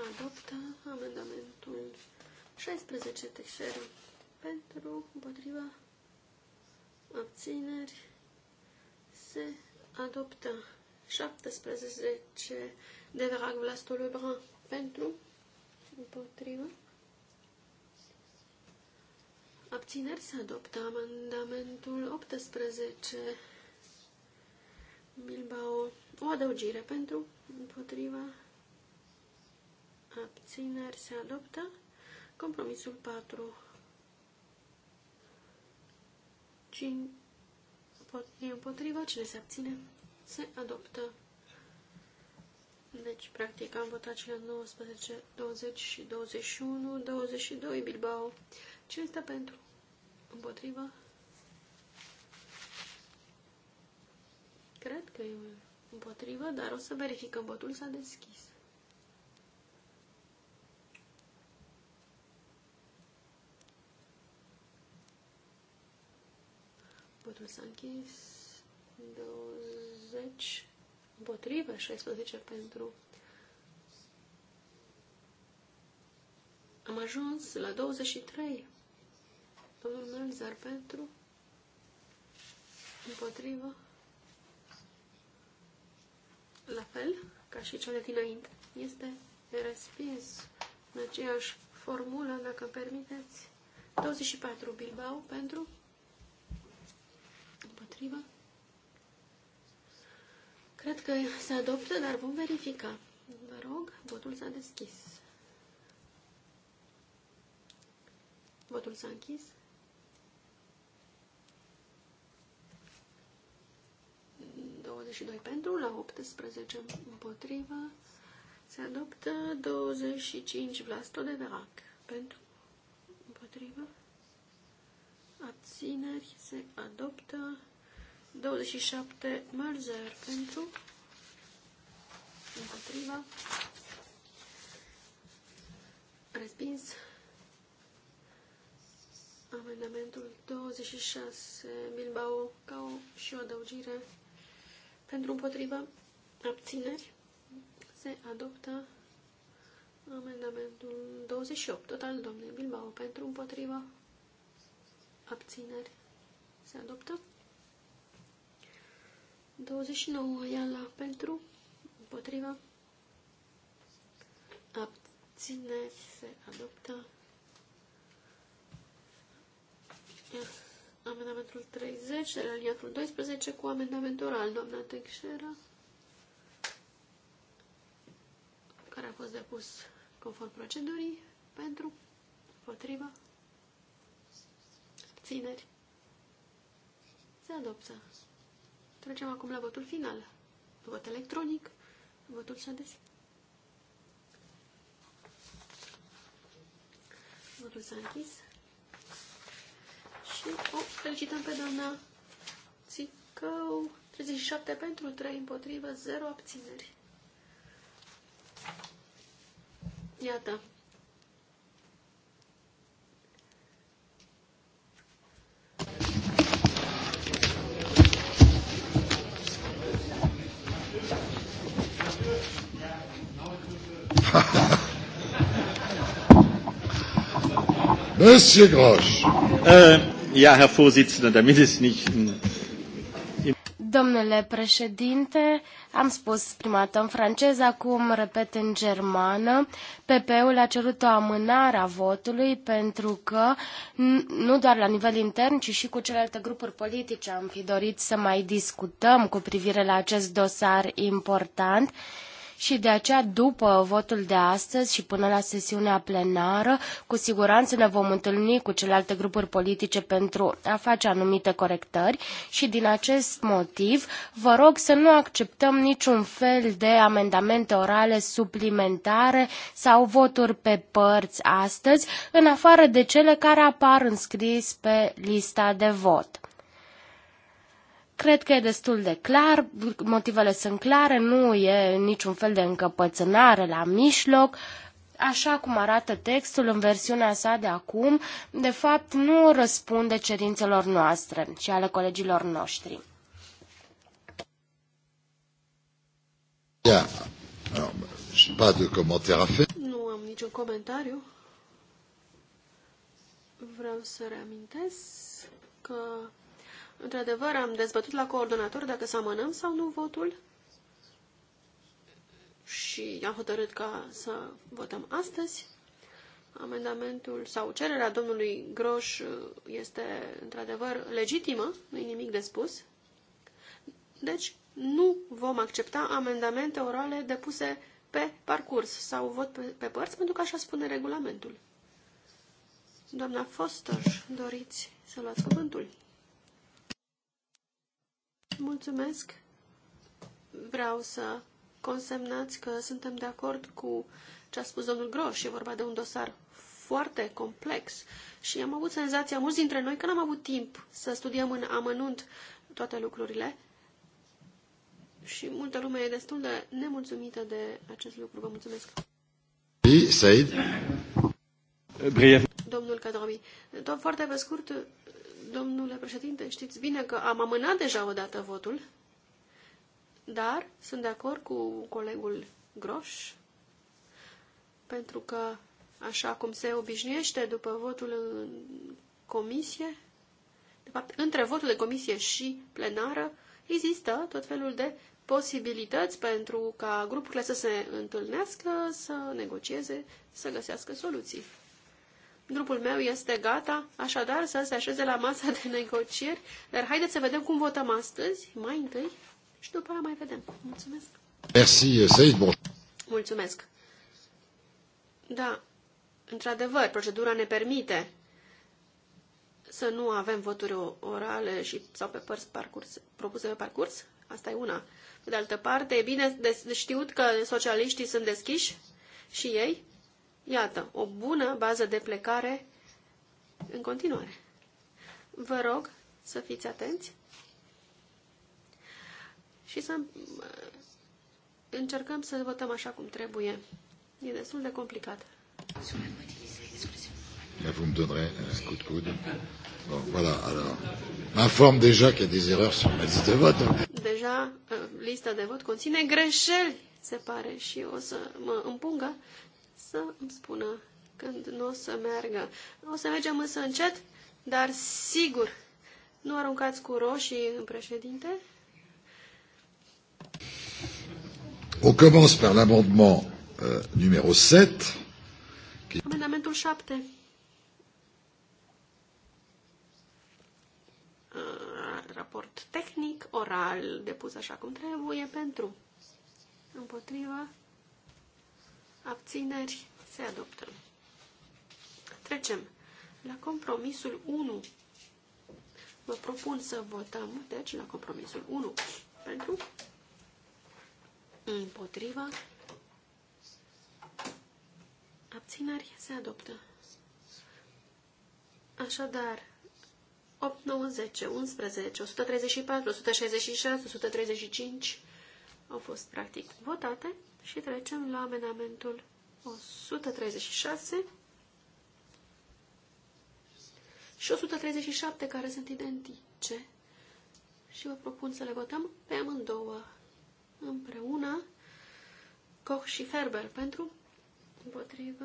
Speaker 4: adoptă amendamentul 16, texeră, pentru, împotriva, abțineri, se adoptă 17, de dragul astului brun pentru, împotrivă. Abțineri se adoptă amendamentul 18 Bilbao. O adăugire pentru, împotriva, abțineri se adoptă compromisul 4 5 împotriva, cine se abține, se adoptă deci, practic, am votat cele 19, 20 și 21, 22 Bilbao. Ce este pentru? Împotriva? Cred că e împotrivă, dar o să verificăm. Votul s-a deschis. Votul s-a închis. 20 împotrivă, 16 pentru. Am ajuns la 23. Domnul Melzar pentru, împotrivă, la fel ca și cele dinainte. Este respins în aceeași formulă, dacă permiteți. 24 Bilbao pentru, împotrivă, Cred că se adoptă, dar vom verifica. Vă rog, votul s-a deschis. Votul s-a închis. 22 pentru, la 18 împotrivă. Se adoptă 25 Vlasto de Verac pentru, împotrivă. Abțineri se adoptă 27 Mölzer pentru împotriva respins amendamentul 26 Bilbao ca o, și o adăugire pentru împotriva abțineri se adoptă amendamentul 28 total al domnului Bilbao pentru împotriva abțineri se adoptă 29 la pentru, împotriva, abține, se adoptă. Amendamentul 30 de la liniatul 12 cu amendamentul oral, doamna Teixeira, care a fost depus conform procedurii, pentru, împotriva, abțineri, se adoptă. Trecem acum la votul final. Vot electronic. Votul s-a deschis. Votul s-a închis. Și o felicităm pe doamna Țicău. 37 pentru, 3 împotrivă, 0 abțineri. Iată,
Speaker 2: [LAUGHS] Monsieur Grosch. Äh, ja, Herr Vorsitzender, damit es nicht...
Speaker 3: Domnule președinte, am spus prima dată în franceză, acum repet în germană. PP-ul a cerut o amânare a votului pentru că nu doar la nivel intern, ci și cu celelalte grupuri politice am fi dorit să mai discutăm cu privire la acest dosar important și de aceea după votul de astăzi și până la sesiunea plenară, cu siguranță ne vom întâlni cu celelalte grupuri politice pentru a face anumite corectări și din acest motiv vă rog să nu acceptăm niciun fel de amendamente orale suplimentare sau voturi pe părți astăzi, în afară de cele care apar înscris pe lista de vot. Cred că e destul de clar, motivele sunt clare, nu e niciun fel de încăpățânare la mijloc. Așa cum arată textul în versiunea sa de acum, de fapt nu răspunde cerințelor noastre și ale colegilor noștri.
Speaker 2: Oh,
Speaker 4: nu am niciun comentariu. Vreau să reamintesc că Într-adevăr, am dezbătut la coordonator dacă să amânăm sau nu votul și am hotărât ca să votăm astăzi. Amendamentul sau cererea domnului Groș este într-adevăr legitimă, nu e nimic de spus. Deci nu vom accepta amendamente orale depuse pe parcurs sau vot pe, pe părți, pentru că așa spune regulamentul. Doamna Foster, doriți să luați cuvântul? Mulțumesc. Vreau să consemnați că suntem de acord cu ce a spus domnul Groș. E vorba de un dosar foarte complex și am avut senzația, mulți dintre noi, că n-am avut timp să studiem în amănunt toate lucrurile și multă lume e destul de nemulțumită de acest lucru. Vă mulțumesc. Domnul Cadrobi, tot foarte pe scurt, Domnule președinte, știți bine că am amânat deja o dată votul, dar sunt de acord cu colegul Groș, pentru că, așa cum se obișnuiește după votul în comisie, de fapt, între votul de comisie și plenară, există tot felul de posibilități pentru ca grupurile să se întâlnească, să negocieze, să găsească soluții. Grupul meu este gata, așadar, să se așeze la masa de negocieri, dar haideți să vedem cum votăm astăzi, mai întâi, și după aia mai vedem. Mulțumesc!
Speaker 2: Merci, Said. Bon.
Speaker 4: Mulțumesc! Da, într-adevăr, procedura ne permite să nu avem voturi orale și, sau pe părți parcurs, propuse pe parcurs. Asta e una. Pe de altă parte, e bine de știut că socialiștii sunt deschiși și ei Iată, o bună bază de plecare în continuare. Vă rog să fiți atenți și să uh, încercăm să votăm așa cum trebuie. E destul de complicat.
Speaker 2: Là, vous me donnerez un coup de coude. Bon, voilà, alors. M'informe déjà qu'il y a des erreurs sur ma liste de vote.
Speaker 4: euh, lista de vot conține greșeli, se pare, și o să mă împungă să îmi spună când nu o să meargă. O să mergem însă încet, dar sigur. Nu aruncați cu roșii în președinte?
Speaker 2: On commence par l'amendement euh, numéro 7.
Speaker 4: Qui... Amendamentul 7. Uh, raport tehnic, oral, depus așa cum trebuie, pentru, împotriva, abțineri, se adoptă. Trecem la compromisul 1. Vă propun să votăm, deci, la compromisul 1 pentru, împotriva, abțineri, se adoptă. Așadar, 8, 9, 10, 11, 134, 166, 135 au fost practic votate. Și trecem la amenamentul 136 și 137 care sunt identice. Și vă propun să le votăm pe amândouă împreună Koch și Ferber pentru împotrivă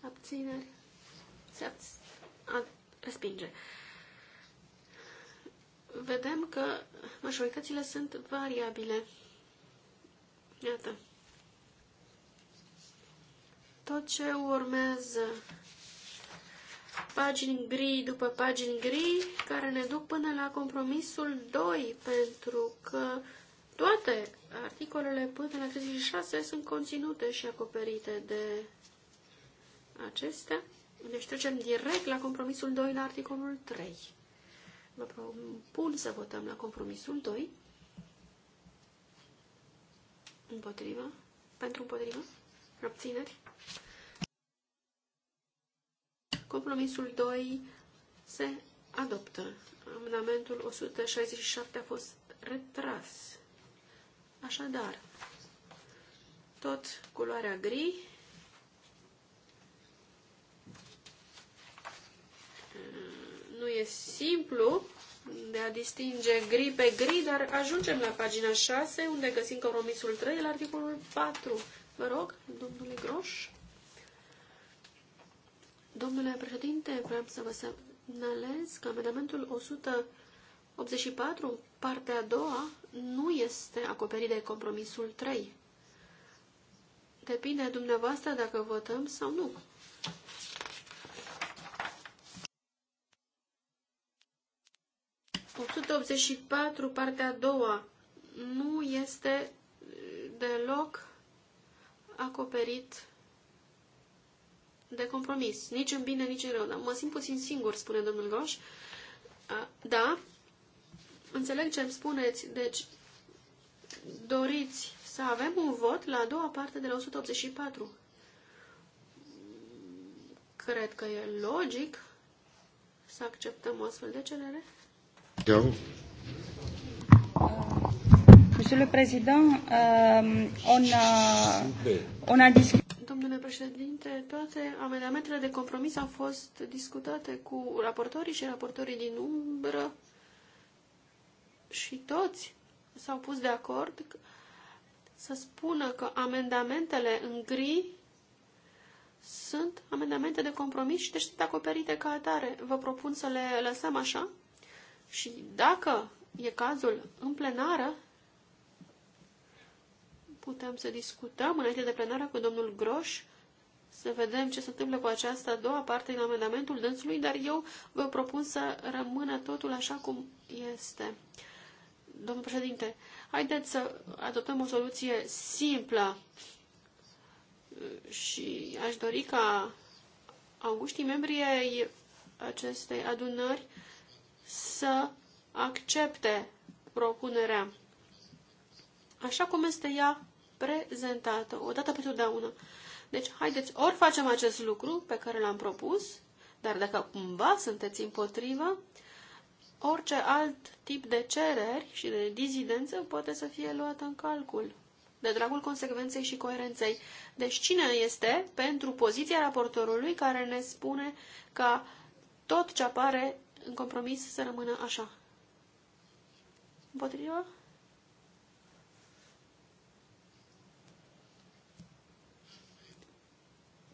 Speaker 4: abțineri se abț- a, respinge vedem că majoritățile sunt variabile. Iată. Tot ce urmează pagini gri după pagini gri care ne duc până la compromisul 2 pentru că toate articolele până la 36 sunt conținute și acoperite de acestea. Deci trecem direct la compromisul 2 la articolul 3. Vă propun să votăm la compromisul 2. Împotrivă. Pentru împotrivă. Abțineri. Compromisul 2 se adoptă. Amendamentul 167 a fost retras. Așadar, tot culoarea gri e simplu de a distinge gri pe gri, dar ajungem la pagina 6, unde găsim compromisul 3 la articolul 4. Vă rog, domnule Groș. Domnule președinte, vreau să vă semnalez că amendamentul 184, partea a doua, nu este acoperit de compromisul 3. Depinde dumneavoastră dacă votăm sau nu. 184, partea a doua, nu este eh, deloc acoperit de compromis. Nici în bine, nici în rău. Dar mă simt puțin singur, spune domnul Groș. Da, înțeleg ce îmi spuneți. Deci, doriți să avem un vot la a doua parte de la 184. Cred că e logic să acceptăm o astfel de cerere.
Speaker 5: Monsieur le Président, on, a, on a discuté.
Speaker 4: Domnule președinte, toate amendamentele de compromis au fost discutate cu raportorii și raportorii din umbră și toți s-au pus de acord să spună că amendamentele în gri sunt amendamente de compromis și deci sunt acoperite ca atare. Vă propun să le lăsăm așa și dacă e cazul în plenară, putem să discutăm înainte de plenară cu domnul Groș, să vedem ce se întâmplă cu această a doua parte din amendamentul dânsului, dar eu vă propun să rămână totul așa cum este. Domnul președinte, haideți să adoptăm o soluție simplă și aș dori ca auguștii membrii acestei adunări să accepte propunerea așa cum este ea prezentată, o dată pentru deauna. Deci, haideți, ori facem acest lucru pe care l-am propus, dar dacă cumva sunteți împotrivă, orice alt tip de cereri și de dizidență poate să fie luată în calcul, de dragul consecvenței și coerenței. Deci cine este pentru poziția raportorului care ne spune că tot ce apare în compromis să rămână așa. Împotriva?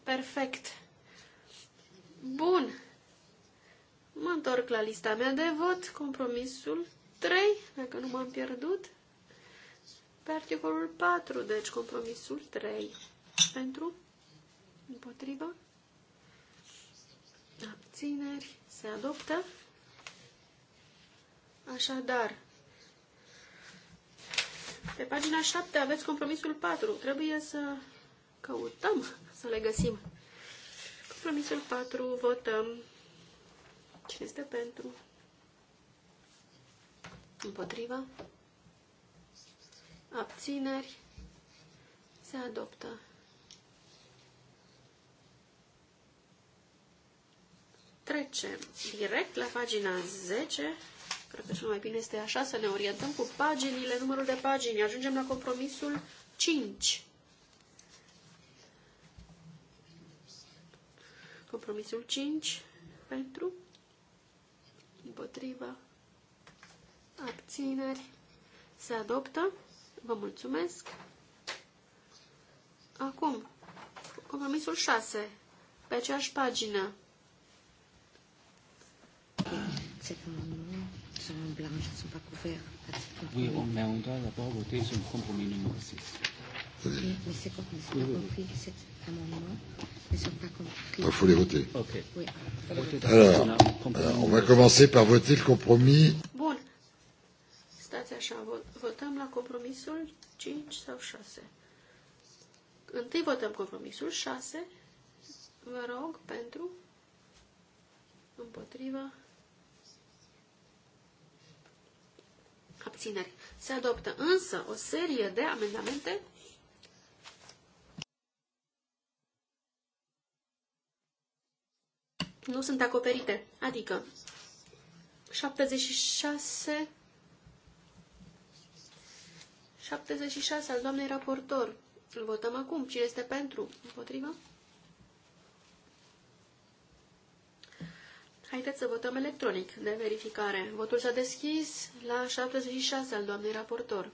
Speaker 4: Perfect. Bun. Mă întorc la lista mea de vot, compromisul 3, dacă nu m-am pierdut, pe articolul 4, deci compromisul 3. Pentru? Împotriva? abțineri, se adoptă. Așadar, pe pagina 7 aveți compromisul 4. Trebuie să căutăm să le găsim. Compromisul 4, votăm. Cine este pentru? Împotriva? Abțineri? Se adoptă. trecem direct la pagina 10. Cred că cel mai bine este așa să ne orientăm cu paginile, numărul de pagini. Ajungem la compromisul 5. Compromisul 5 pentru, împotriva, abțineri, se adoptă. Vă mulțumesc. Acum, compromisul 6, pe aceeași pagină,
Speaker 1: Oui, on, mais on doit d'abord voter sur le compromis numéro 6.
Speaker 4: mais c'est comme ils n'ont pas compris cet amendement. Ils ne pas compris. Il faut les
Speaker 2: voter.
Speaker 1: Okay. Oui. Alors,
Speaker 2: alors, on va commencer par voter le compromis.
Speaker 4: Bon. Stați așa, votăm la compromisul 5 sau 6. Întâi votăm compromisul 6. Vă rog, pentru, împotriva, abțineri. Se adoptă însă o serie de amendamente nu sunt acoperite, adică 76 76 al doamnei raportor. Îl votăm acum. Cine este pentru? Împotrivă? Haideți să votăm electronic de verificare. Votul s-a deschis la 76 al doamnei raportor.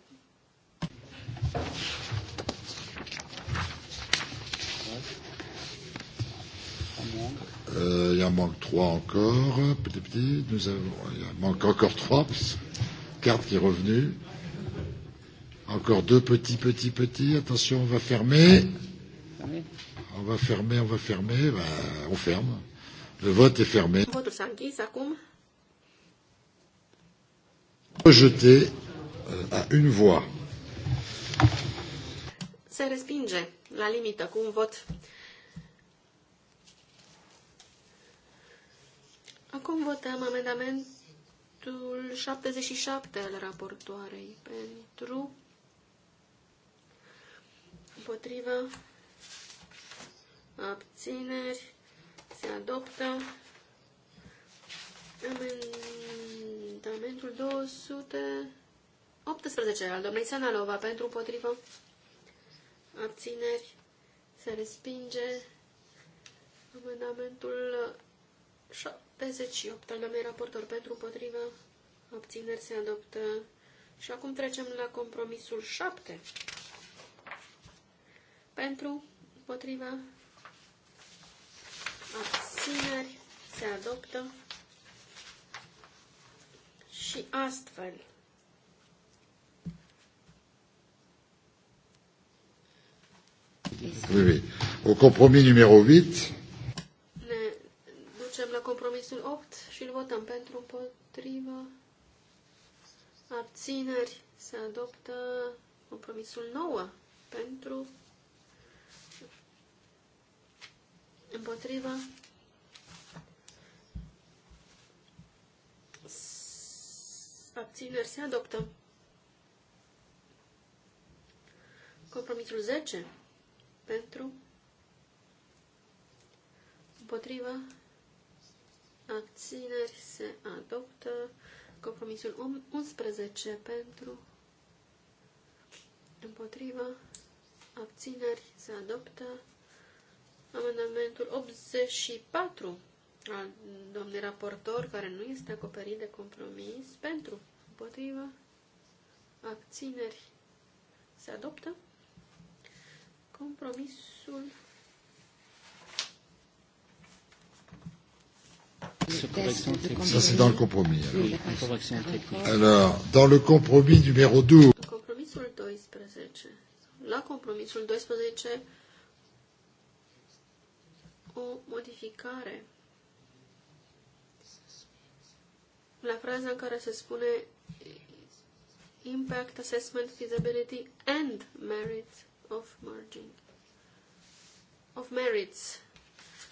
Speaker 2: Euh, il y en manque trois encore, petit petit. Nous avons, il en manque encore trois Carte qui est revenue. Encore deux petits, petits, petits. Attention, on va fermer. On va fermer, on va fermer. Ben, on ferme. Le vote est fermé.
Speaker 4: Votul
Speaker 2: Rejeté euh, à une voix.
Speaker 4: Se respinge la limite cu un vot. Acum votăm amendamentul 77 al raportoarei pentru împotriva abțineri se adoptă amendamentul 218 al domnului Sanalova pentru potrivă. abțineri. Se respinge amendamentul 78 al domnului raportor pentru potrivă. abțineri. Se adoptă și acum trecem la compromisul 7 pentru potriva abțineri, se adoptă și astfel.
Speaker 2: O compromis numărul 8. Ne
Speaker 4: ducem la compromisul 8 și îl votăm pentru împotrivă. abțineri. Se adoptă compromisul 9 pentru împotriva, abțineri se adoptă. Compromisul 10 pentru, împotriva, abțineri se adoptă. Compromisul 11 um, pentru, împotriva, abțineri se adoptă. Amendamentul 84 al domnului raportor, care nu este acoperit de compromis, pentru, împotriva, abțineri, se adoptă. Compromisul Ça, c'est dans le compromis. Alors.
Speaker 2: dans le compromis numéro 12.
Speaker 4: Compromisul 12. La compromisul 12 o modificare la fraza în care se spune Impact Assessment Feasibility and Merits of Merging. Of Merits.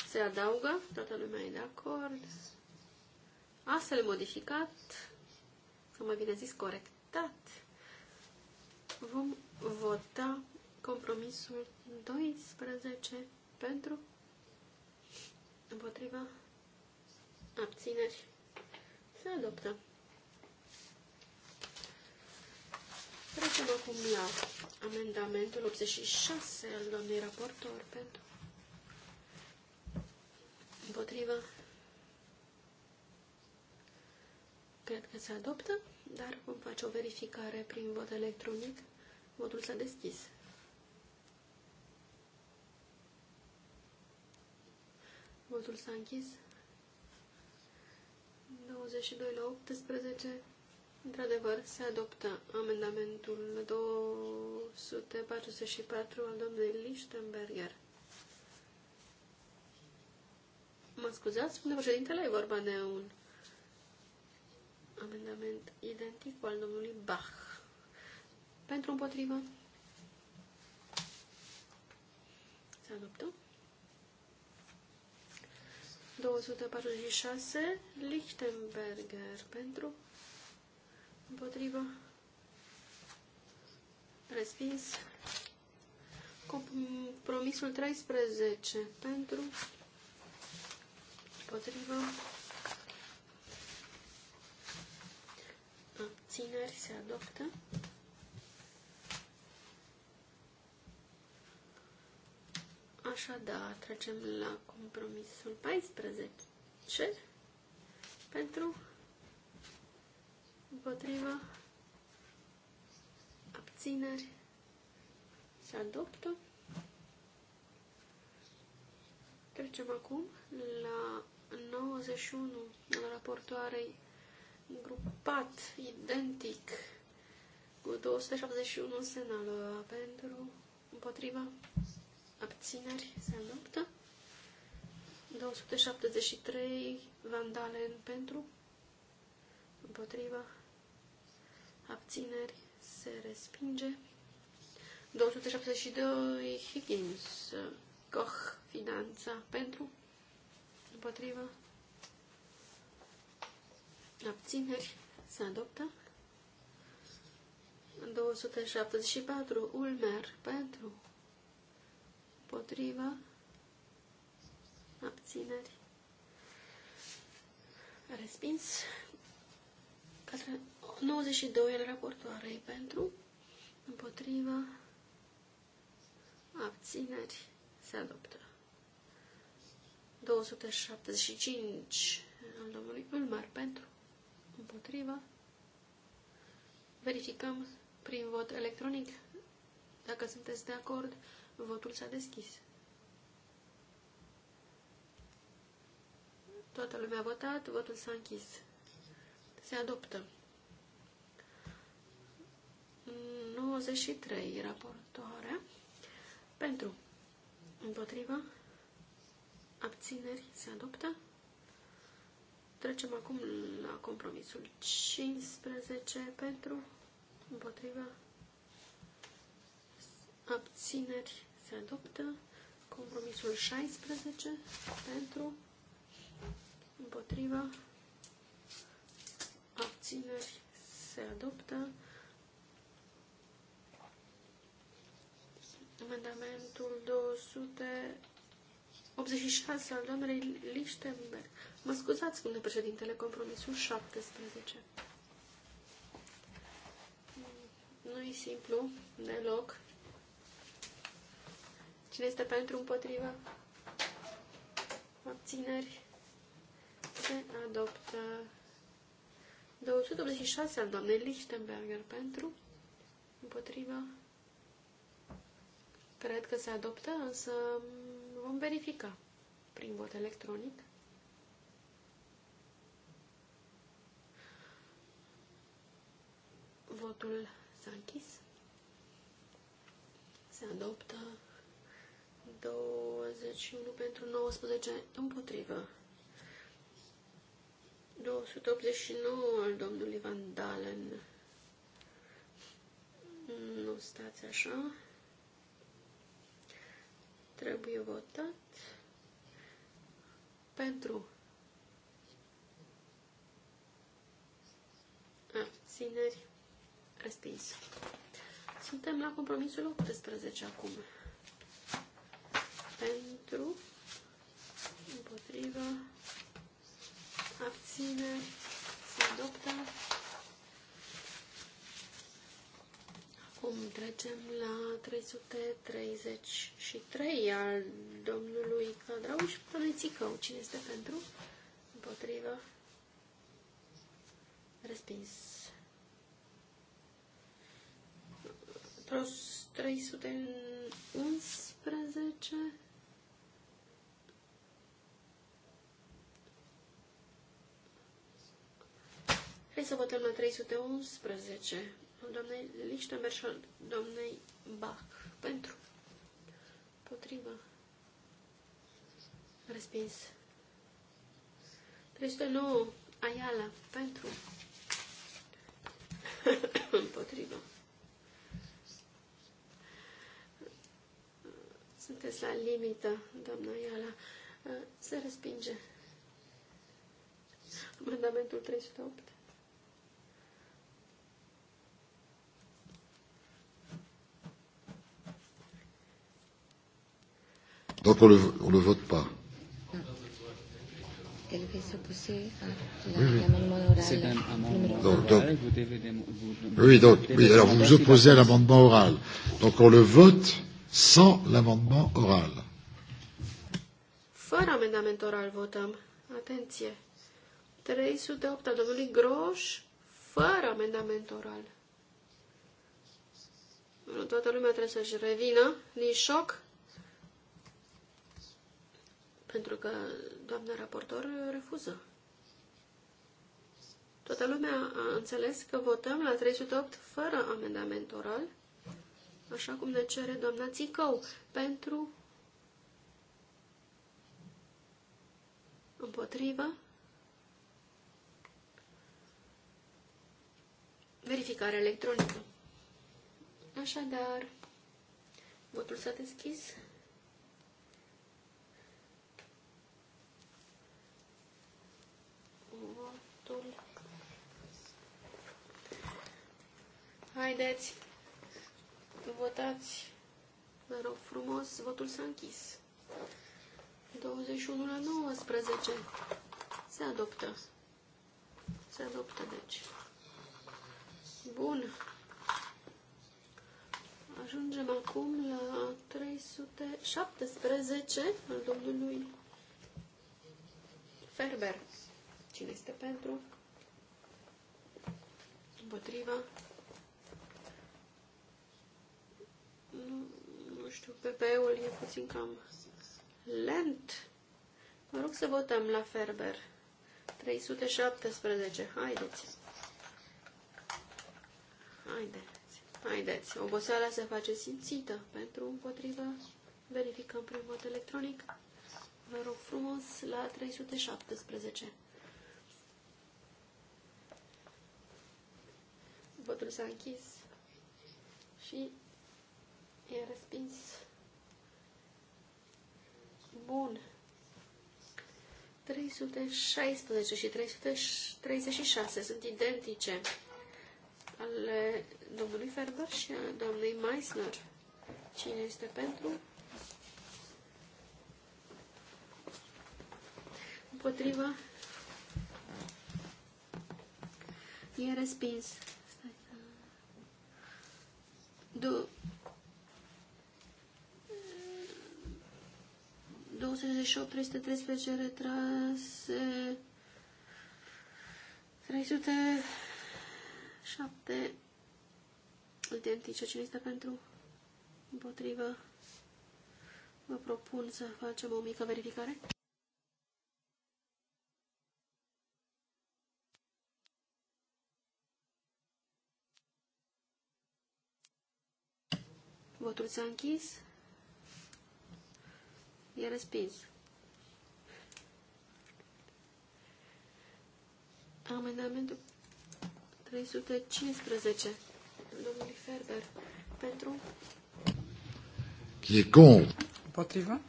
Speaker 4: Se adaugă, toată lumea e de acord. Astfel modificat, sau mai bine zis corectat, vom vota compromisul 12 pentru Împotriva. Abțineri. Se adoptă. Trecem acum la amendamentul 86 al doamnei raportor pentru împotriva. Cred că se adoptă, dar vom face o verificare prin vot electronic. Votul s-a deschis. totul s-a închis. 22 la 18. Într-adevăr, se adoptă amendamentul 244 al domnului Lichtenberger. Mă scuzați, spune președintele, e vorba de un amendament identic cu al domnului Bach. Pentru împotrivă. Se adoptă. 246, Lichtenberger pentru, împotriva, respins, compromisul 13 pentru, împotriva, abțineri se adoptă. Așadar, trecem la compromisul 14. Ce? Pentru? Împotriva? Abțineri? Se adoptă? Trecem acum la 91 al raportoarei grupat, identic, cu 271 semnal pentru, împotriva, abțineri se adoptă. 273 în pentru, împotriva, abțineri se respinge. 272 Higgins, Koch, finanța pentru, împotriva, abțineri se adoptă. 274 Ulmer pentru, împotriva, abțineri, respins, către 92 al raportoarei pentru, împotriva, abțineri, se adoptă. 275 al domnului Ulmar pentru, împotriva, verificăm prin vot electronic dacă sunteți de acord Votul s-a deschis. Toată lumea a votat, votul s-a închis. Se adoptă. 93 raportoare pentru împotriva abțineri se adoptă. Trecem acum la compromisul 15 pentru împotriva abțineri se adoptă. Compromisul 16 pentru, împotriva, abțineri se adoptă. Amendamentul 286 al doamnei Lichtenberg. Mă scuzați, spune președintele, compromisul 17. Nu e simplu, deloc. Cine este pentru împotriva? Abțineri. Se adoptă 286 al doamnei Lichtenberger pentru împotriva. Cred că se adoptă, însă vom verifica prin vot electronic. Votul s-a închis. Se adoptă 21 pentru 19 împotrivă. 289 al domnului Van Dalen. Nu stați așa. Trebuie votat pentru abțineri respins. Suntem la compromisul 18 acum pentru, împotrivă, abține, se adoptă. Acum trecem la 333 al domnului Cadrau și Pălăițicău. Cine este pentru? Împotrivă. Respins. Prost 311 Hai să votăm la 311 al doamnei Lichtenberg și al doamnei Bach. Pentru. Potrivă. Respins. 309. Ayala. Pentru. Împotrivă. [COUGHS] Sunteți la limită, doamna Ayala. Se respinge. Amendamentul 308.
Speaker 2: crois qu'on ne le, le vote pas.
Speaker 3: Oui, oui.
Speaker 4: Donc, donc, oui, donc, oui, alors
Speaker 2: vous vous opposez à l'amendement oral. Donc on le vote sans l'amendement oral.
Speaker 4: Fără amendament oral votăm. Atenție. 308 al domnului Groș, fără amendament oral. Toată lumea trebuie să-și revină din șoc pentru că doamna raportor refuză. Toată lumea a înțeles că votăm la 308 fără amendament oral, așa cum ne cere doamna Țicău, pentru împotrivă verificare electronică. Așadar, votul s-a deschis. Haideți, votați, vă rog frumos, votul s-a închis. 21 la 19 se adoptă. Se adoptă, deci. Bun. Ajungem acum la 317 al domnului Ferber. Cine este pentru? Împotriva? nu știu, PP-ul e puțin cam lent. Vă rog să votăm la Ferber. 317. Haideți. Haideți. Haideți. Oboseala se face simțită. Pentru împotrivă verificăm prin vot electronic. Vă rog frumos la 317. Votul s-a închis și E respins. Bun. 316 și 336 sunt identice ale domnului Ferber și a doamnei Meissner. Cine este pentru? Împotriva? E respins. Du 268, 313 retrase, 307 identice. Cine este pentru? Împotrivă. Vă propun să facem o mică verificare. Votul s-a închis. E respins. Amendamentul 315. Domnului
Speaker 1: Ferber. Pentru. Qui est contre? Împotrivă.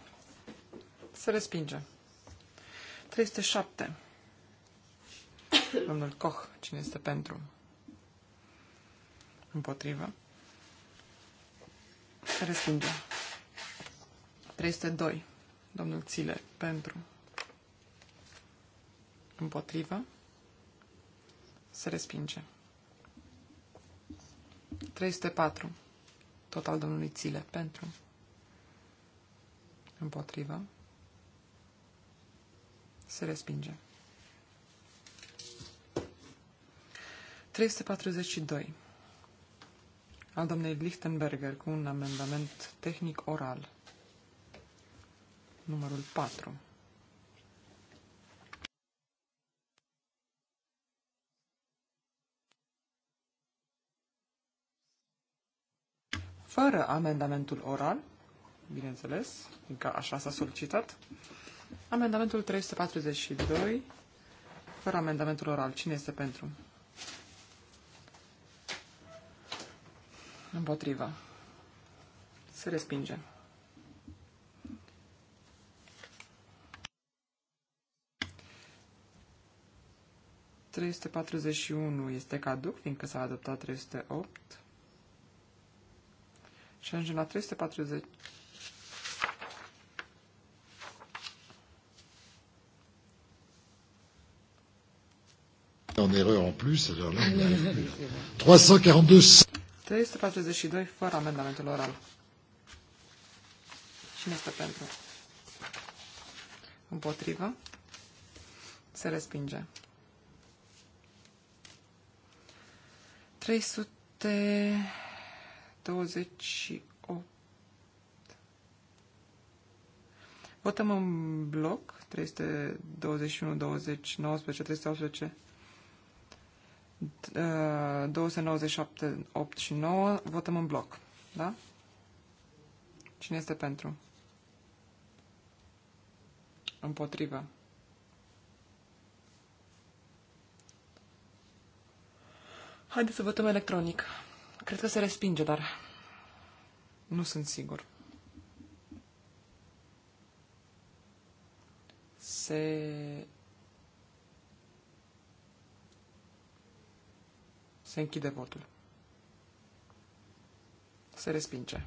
Speaker 1: Se respinge. 307. Domnul Koch, cine este pentru? Împotrivă. Se respinge. 302. Domnul Țile, pentru. Împotrivă. Se respinge. 304. Total domnului Țile, pentru. Împotrivă. Se respinge. 342 al domnului Lichtenberger cu un amendament tehnic oral numărul 4. Fără amendamentul oral, bineînțeles, fiindcă așa s-a solicitat, amendamentul 342, fără amendamentul oral, cine este pentru? Împotriva. Se respinge. 341 este caduc, fiindcă s-a adoptat 308. Și ajungem la 340.
Speaker 2: En erreur en plus, alors là, on n'y plus. 342.
Speaker 1: 342 fără amendamentul oral. Cine este pentru? Împotrivă? Se respinge. 328. Votăm în bloc 321, 20, 19, 318, 297, 8 și 9. Votăm în bloc. Da? Cine este pentru? Împotrivă. Haideți să votăm electronic. Cred că se respinge, dar nu sunt sigur. Se... Se închide votul. Se respinge.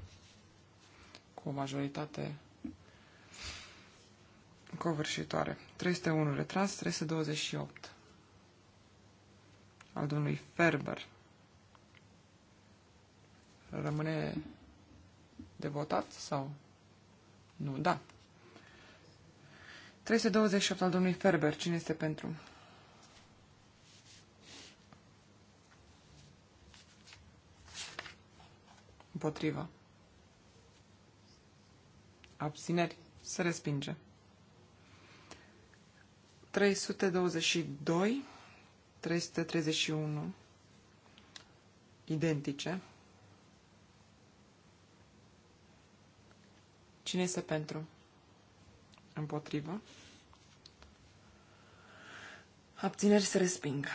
Speaker 1: Cu o majoritate covârșitoare. 301 retras, 328 al domnului Ferber rămâne de votat sau nu? Da. 328 al domnului Ferber. Cine este pentru? Împotriva. Abțineri. Se respinge. 322 331 identice. Cine este pentru? Împotrivă. Abțineri se resping.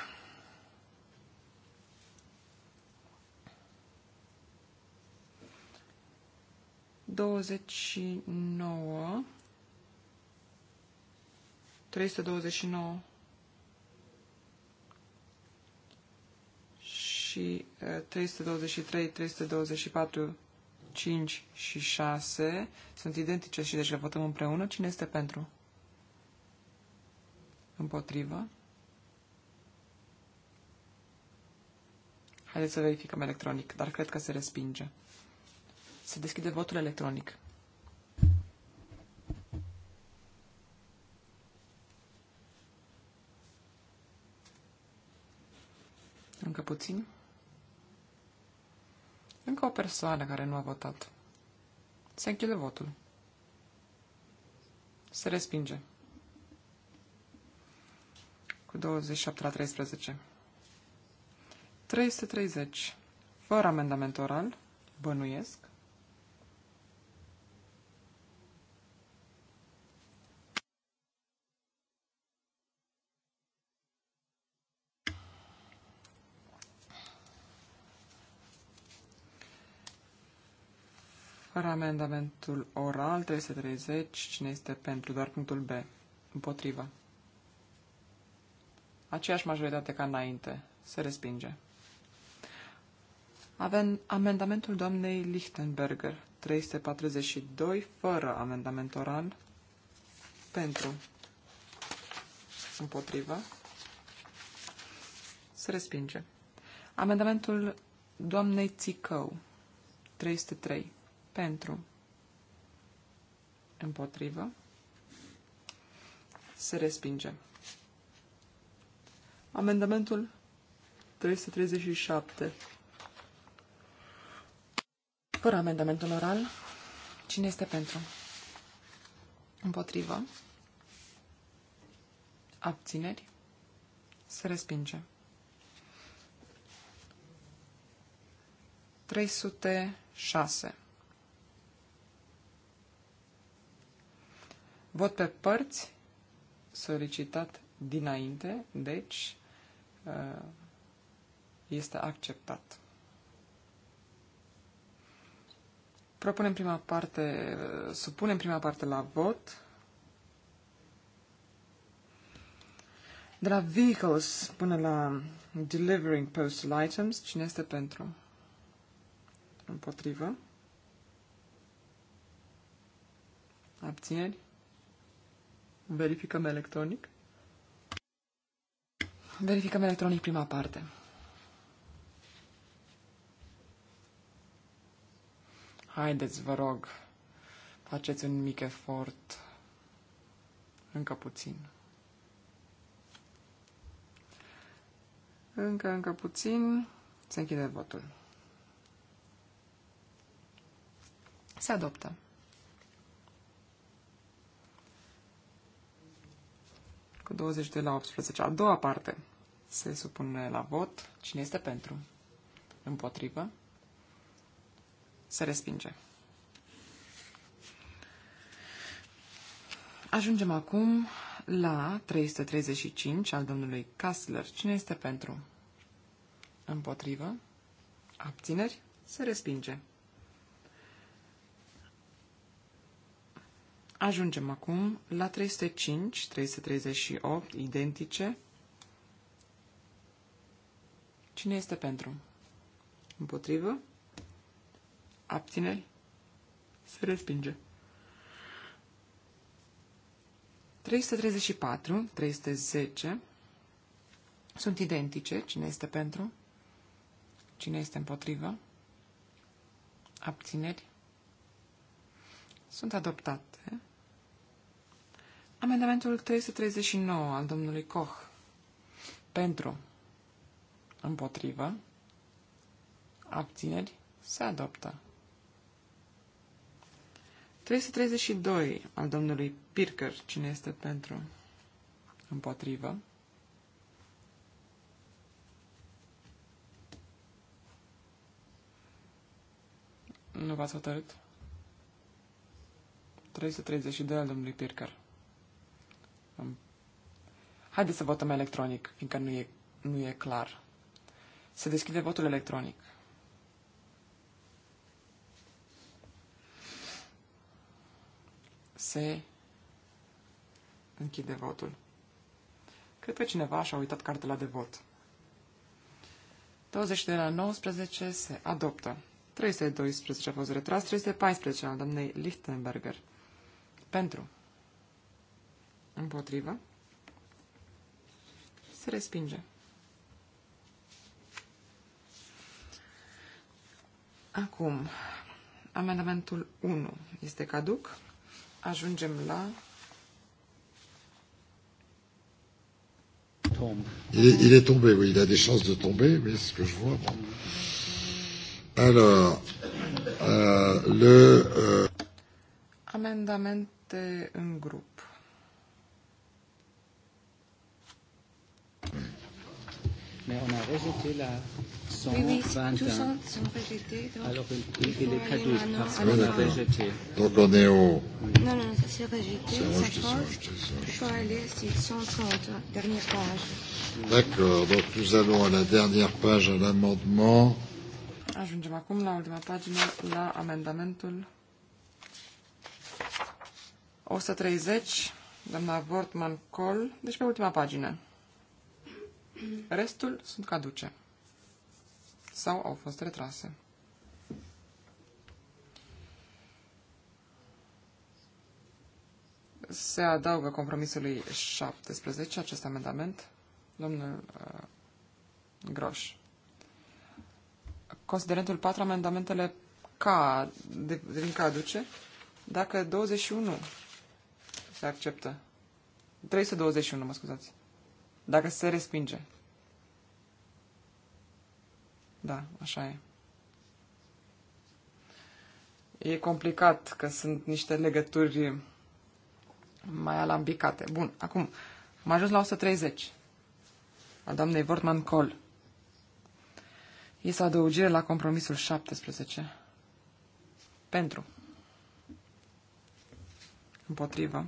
Speaker 1: Douăzeci și nouă. Trei douăzeci și nouă. și 323, 324, 5 și 6 sunt identice și deci le votăm împreună. Cine este pentru? Împotrivă. Haideți să verificăm electronic, dar cred că se respinge. Se deschide votul electronic. Încă puțin. Încă o persoană care nu a votat. Se închide votul. Se respinge. Cu 27 la 13. 330. Fără amendament oral, bănuiesc. Fără amendamentul oral 330, cine este pentru? Doar punctul B. Împotriva. Aceeași majoritate ca înainte. Se respinge. Avem amendamentul doamnei Lichtenberger 342, fără amendament oral, pentru, împotriva, se respinge. Amendamentul doamnei Țicău 303 pentru, împotrivă, se respinge. Amendamentul 337. Fără amendamentul oral, cine este pentru? Împotrivă. Abțineri. Se respinge. 306. Vot pe părți solicitat dinainte, deci uh, este acceptat. Propunem prima parte, uh, supunem prima parte la vot. De la vehicles până la delivering postal items, cine este pentru? Împotrivă. Abțineri. Verificăm electronic. Verificăm electronic prima parte. Haideți, vă rog, faceți un mic efort. Încă puțin. Încă, încă puțin. Se închide votul. Se adoptă. 22 la 18. A doua parte se supune la vot. Cine este pentru? Împotrivă? Se respinge. Ajungem acum la 335 al domnului Kassler. Cine este pentru? Împotrivă? Abțineri? Se respinge. Ajungem acum la 305, 338, identice. Cine este pentru? Împotrivă? Abțineri? Se respinge. 334, 310 sunt identice. Cine este pentru? Cine este împotrivă? Abțineri? Sunt adoptate. Amendamentul 339 al domnului Koch. Pentru. Împotrivă. Abțineri. Se adoptă. 332 al domnului Pirker. Cine este pentru? Împotrivă. Nu v-ați hotărât? 332 al domnului Pirker. Haideți să votăm electronic, fiindcă nu e, nu e clar. Se deschide votul electronic. Se închide votul. Cred că cineva și-a uitat cartela de vot. 20 de la 19 se adoptă. 312 a fost retras, 314 al doamnei Lichtenberger. Pentru. Împotrivă. Se respinge. Acum, amendamentul 1 este caduc. Ajungem la...
Speaker 2: Il est, il est tombé, oui, il a des chances de tomber, mais ce que je vois... Bon. Alors,
Speaker 1: euh,
Speaker 2: le... Euh...
Speaker 1: Amendamente în groupe. Mais on a rejeté la 121. Oui, oui, tous sont, sont rejetés.
Speaker 4: Donc Alors
Speaker 2: il, il, est caduque parce ah, qu'on l'a rejeté. Donc on est au...
Speaker 4: Non, non, ça c'est
Speaker 1: rejeté. Ça change. Il faut aller à 130, dernière page.
Speaker 2: D'accord, donc nous allons à la dernière page, à l'amendement.
Speaker 1: Ajungem acum la ultima pagină, la amendamentul 130, doamna wortman deci pe ultima pagină. Restul sunt caduce sau au fost retrase. Se adaugă compromisului 17 acest amendament, domnul uh, Groș. Considerentul 4, amendamentele ca, din caduce dacă 21 se acceptă. 321, mă scuzați. Dacă se respinge. Da, așa e. E complicat că sunt niște legături mai alambicate. Bun, acum am ajuns la 130. A doamnei Vortman Col. Este o adăugire la compromisul 17. Pentru. Împotrivă.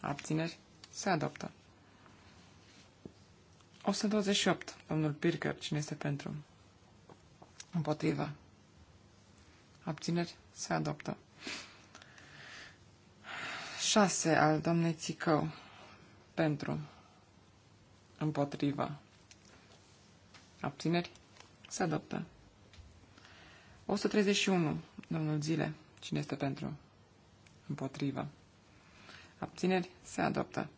Speaker 1: Abțineri. Se adoptă. 128. Domnul Pirker, cine este pentru? Împotriva. Abțineri? Se adoptă. 6. Al domnei Țicău. Pentru. Împotriva. Abțineri? Se adoptă. 131. Domnul Zile. Cine este pentru? Împotriva. Abțineri? Se adoptă.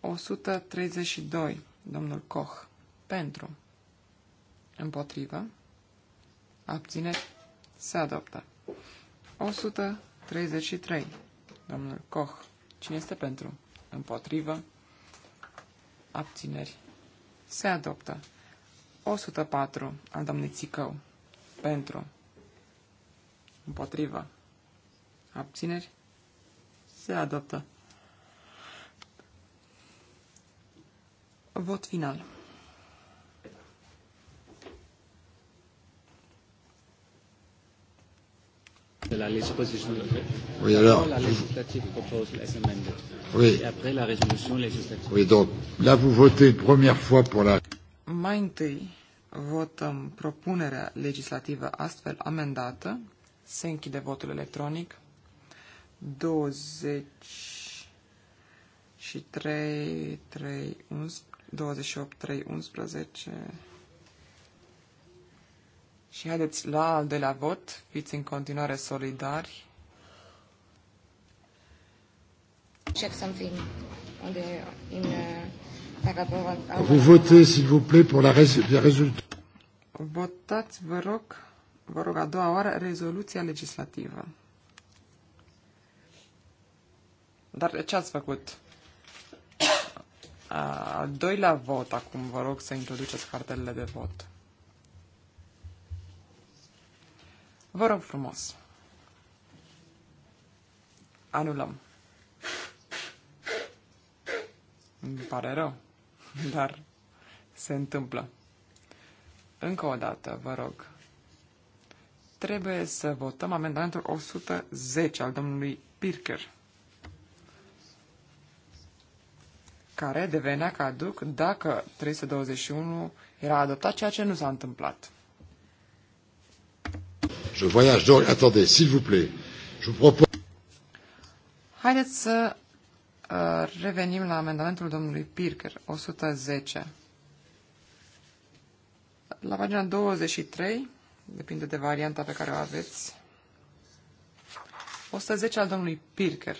Speaker 1: 132 Domnul Koch. Pentru. Împotrivă. Abțineri. Se adoptă. 133. Domnul Koch. Cine este pentru? Împotrivă. Abțineri. Se adoptă. 104 al domnului Țicău. Pentru. Împotrivă. Abțineri. Se adoptă. Vot final.
Speaker 4: la législation. Oui, alors.
Speaker 1: Oui. Et après la résolution législative. Oui, donc
Speaker 2: là vous votez une première fois pour la.
Speaker 1: Mai întâi votăm propunerea legislativă astfel amendată. Se închide votul electronic. 20 și 3, 3, 11. 28, 3, 11. Și haideți la al de la vot, fiți în continuare solidari. Check something on the, in, uh, Vous
Speaker 2: votez, s'il vous plaît, pour la, la résolution.
Speaker 1: Votați, vă rog, vă rog, a doua oară, rezoluția legislativă. Dar ce ați făcut? Al doilea vot, acum vă rog să introduceți cartelele de vot. Vă rog frumos. Anulăm. Îmi pare rău, [LAUGHS] dar se întâmplă. Încă o dată, vă rog. Trebuie să votăm amendamentul 110 al domnului Pirker. care devenea caduc dacă 321 era adoptat, ceea ce nu s-a întâmplat.
Speaker 2: Je voyage donc, attendez, s'il vous plaît, je vous propose...
Speaker 1: Haideți să uh, revenim la amendamentul domnului Pirker, 110. La pagina 23, depinde de varianta pe care o aveți, 110 al domnului Pirker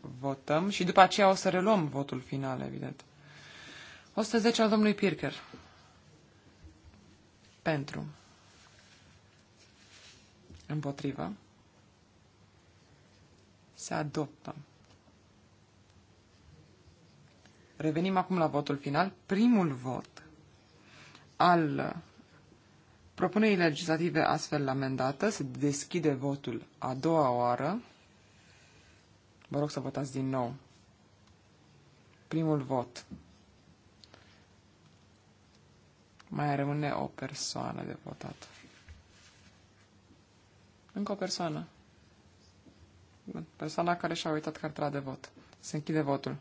Speaker 1: votăm și după aceea o să reluăm votul final, evident. 110 al domnului Pirker. Pentru. Împotrivă. Se adoptă. Revenim acum la votul final. Primul vot al propunerii legislative astfel amendată se deschide votul a doua oară. Vă rog să votați din nou. Primul vot. Mai rămâne o persoană de votat. Încă o persoană. Persoana care și-a uitat cartela de vot. Se închide votul.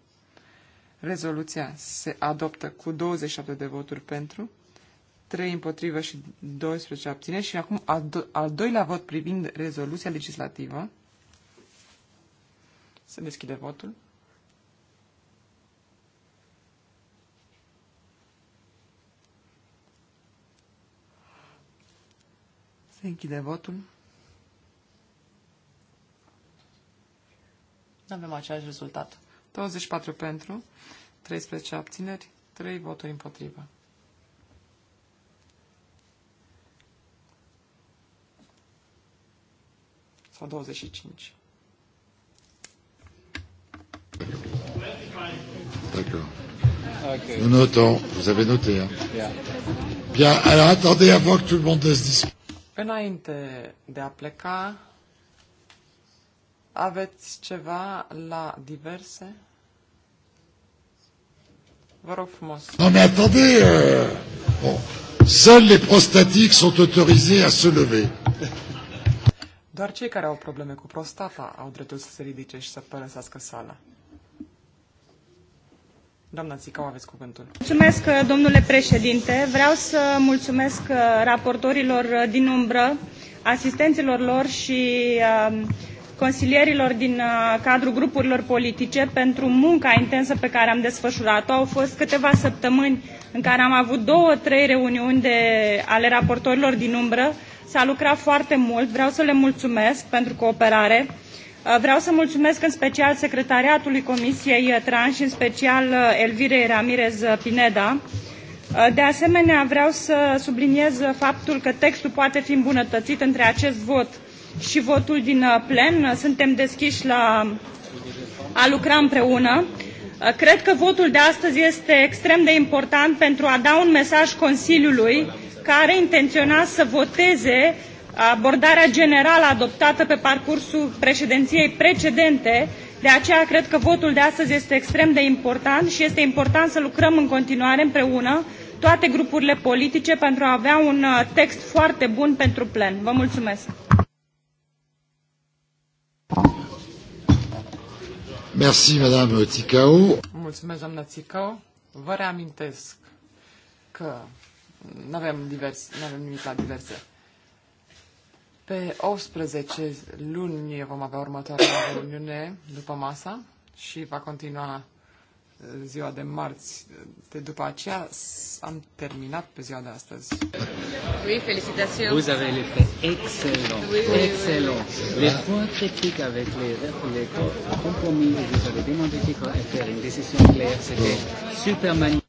Speaker 1: Rezoluția se adoptă cu 27 de voturi pentru, 3 împotrivă și 12 abține. și acum al, do- al doilea vot privind rezoluția legislativă. Se deschide votul. Se închide votul. Nu avem același rezultat. 24 pentru, 13 abțineri, 3 voturi împotrivă. Sau 25. D'accord. Okay. Nous
Speaker 2: notons, vous avez noté. Hein. Yeah. Bien, alors attendez à voir que tout le monde se discute.
Speaker 1: Înainte de a pleca, aveți ceva la diverse? Vă rog frumos.
Speaker 2: Non mais attendez, euh, bon, seuls les prostatiques sont autorisés à se lever.
Speaker 1: Doar cei care au probleme cu prostata au dreptul să se ridice și să părăsească sala. Doamna aveți cuvântul.
Speaker 5: Mulțumesc, domnule președinte. Vreau să mulțumesc uh, raportorilor uh, din umbră, asistenților lor și um, consilierilor din uh, cadrul grupurilor politice pentru munca intensă pe care am desfășurat-o. Au fost câteva săptămâni în care am avut două, trei reuniuni de, ale raportorilor din umbră. S-a lucrat foarte mult, vreau să le mulțumesc pentru cooperare. Uh, Uh, vreau să mulțumesc în special secretariatului Comisiei uh, Tran și în special uh, Elvirei Ramirez Pineda. De asemenea, vreau să subliniez faptul că textul poate fi îmbunătățit între acest vot și votul din plen. Suntem deschiși la a lucra împreună. Cred că votul de astăzi este extrem de important pentru a da un mesaj Consiliului care intenționa să voteze abordarea generală adoptată pe parcursul președinției precedente, de aceea cred că votul de astăzi este extrem de important și este important să lucrăm în continuare împreună toate grupurile politice pentru a avea un uh, text foarte bun pentru plen. Vă mulțumesc!
Speaker 1: Merci, Madame Ticao. Mulțumesc, doamna Ticao. Vă reamintesc că nu avem, divers, avem nimic la diverse. Pe 18 luni vom avea următoarea [COUGHS] reuniune după masa și va continua uh, ziua de marți. De după aceea am terminat pe ziua de astăzi. Oui, félicitations. Vous avez le fait excellent. Oui, oui, excellent. Le
Speaker 4: point points avec les, les
Speaker 5: compromis que vous avez demandé qu'il faut faire une décision claire, c'était super magnifique.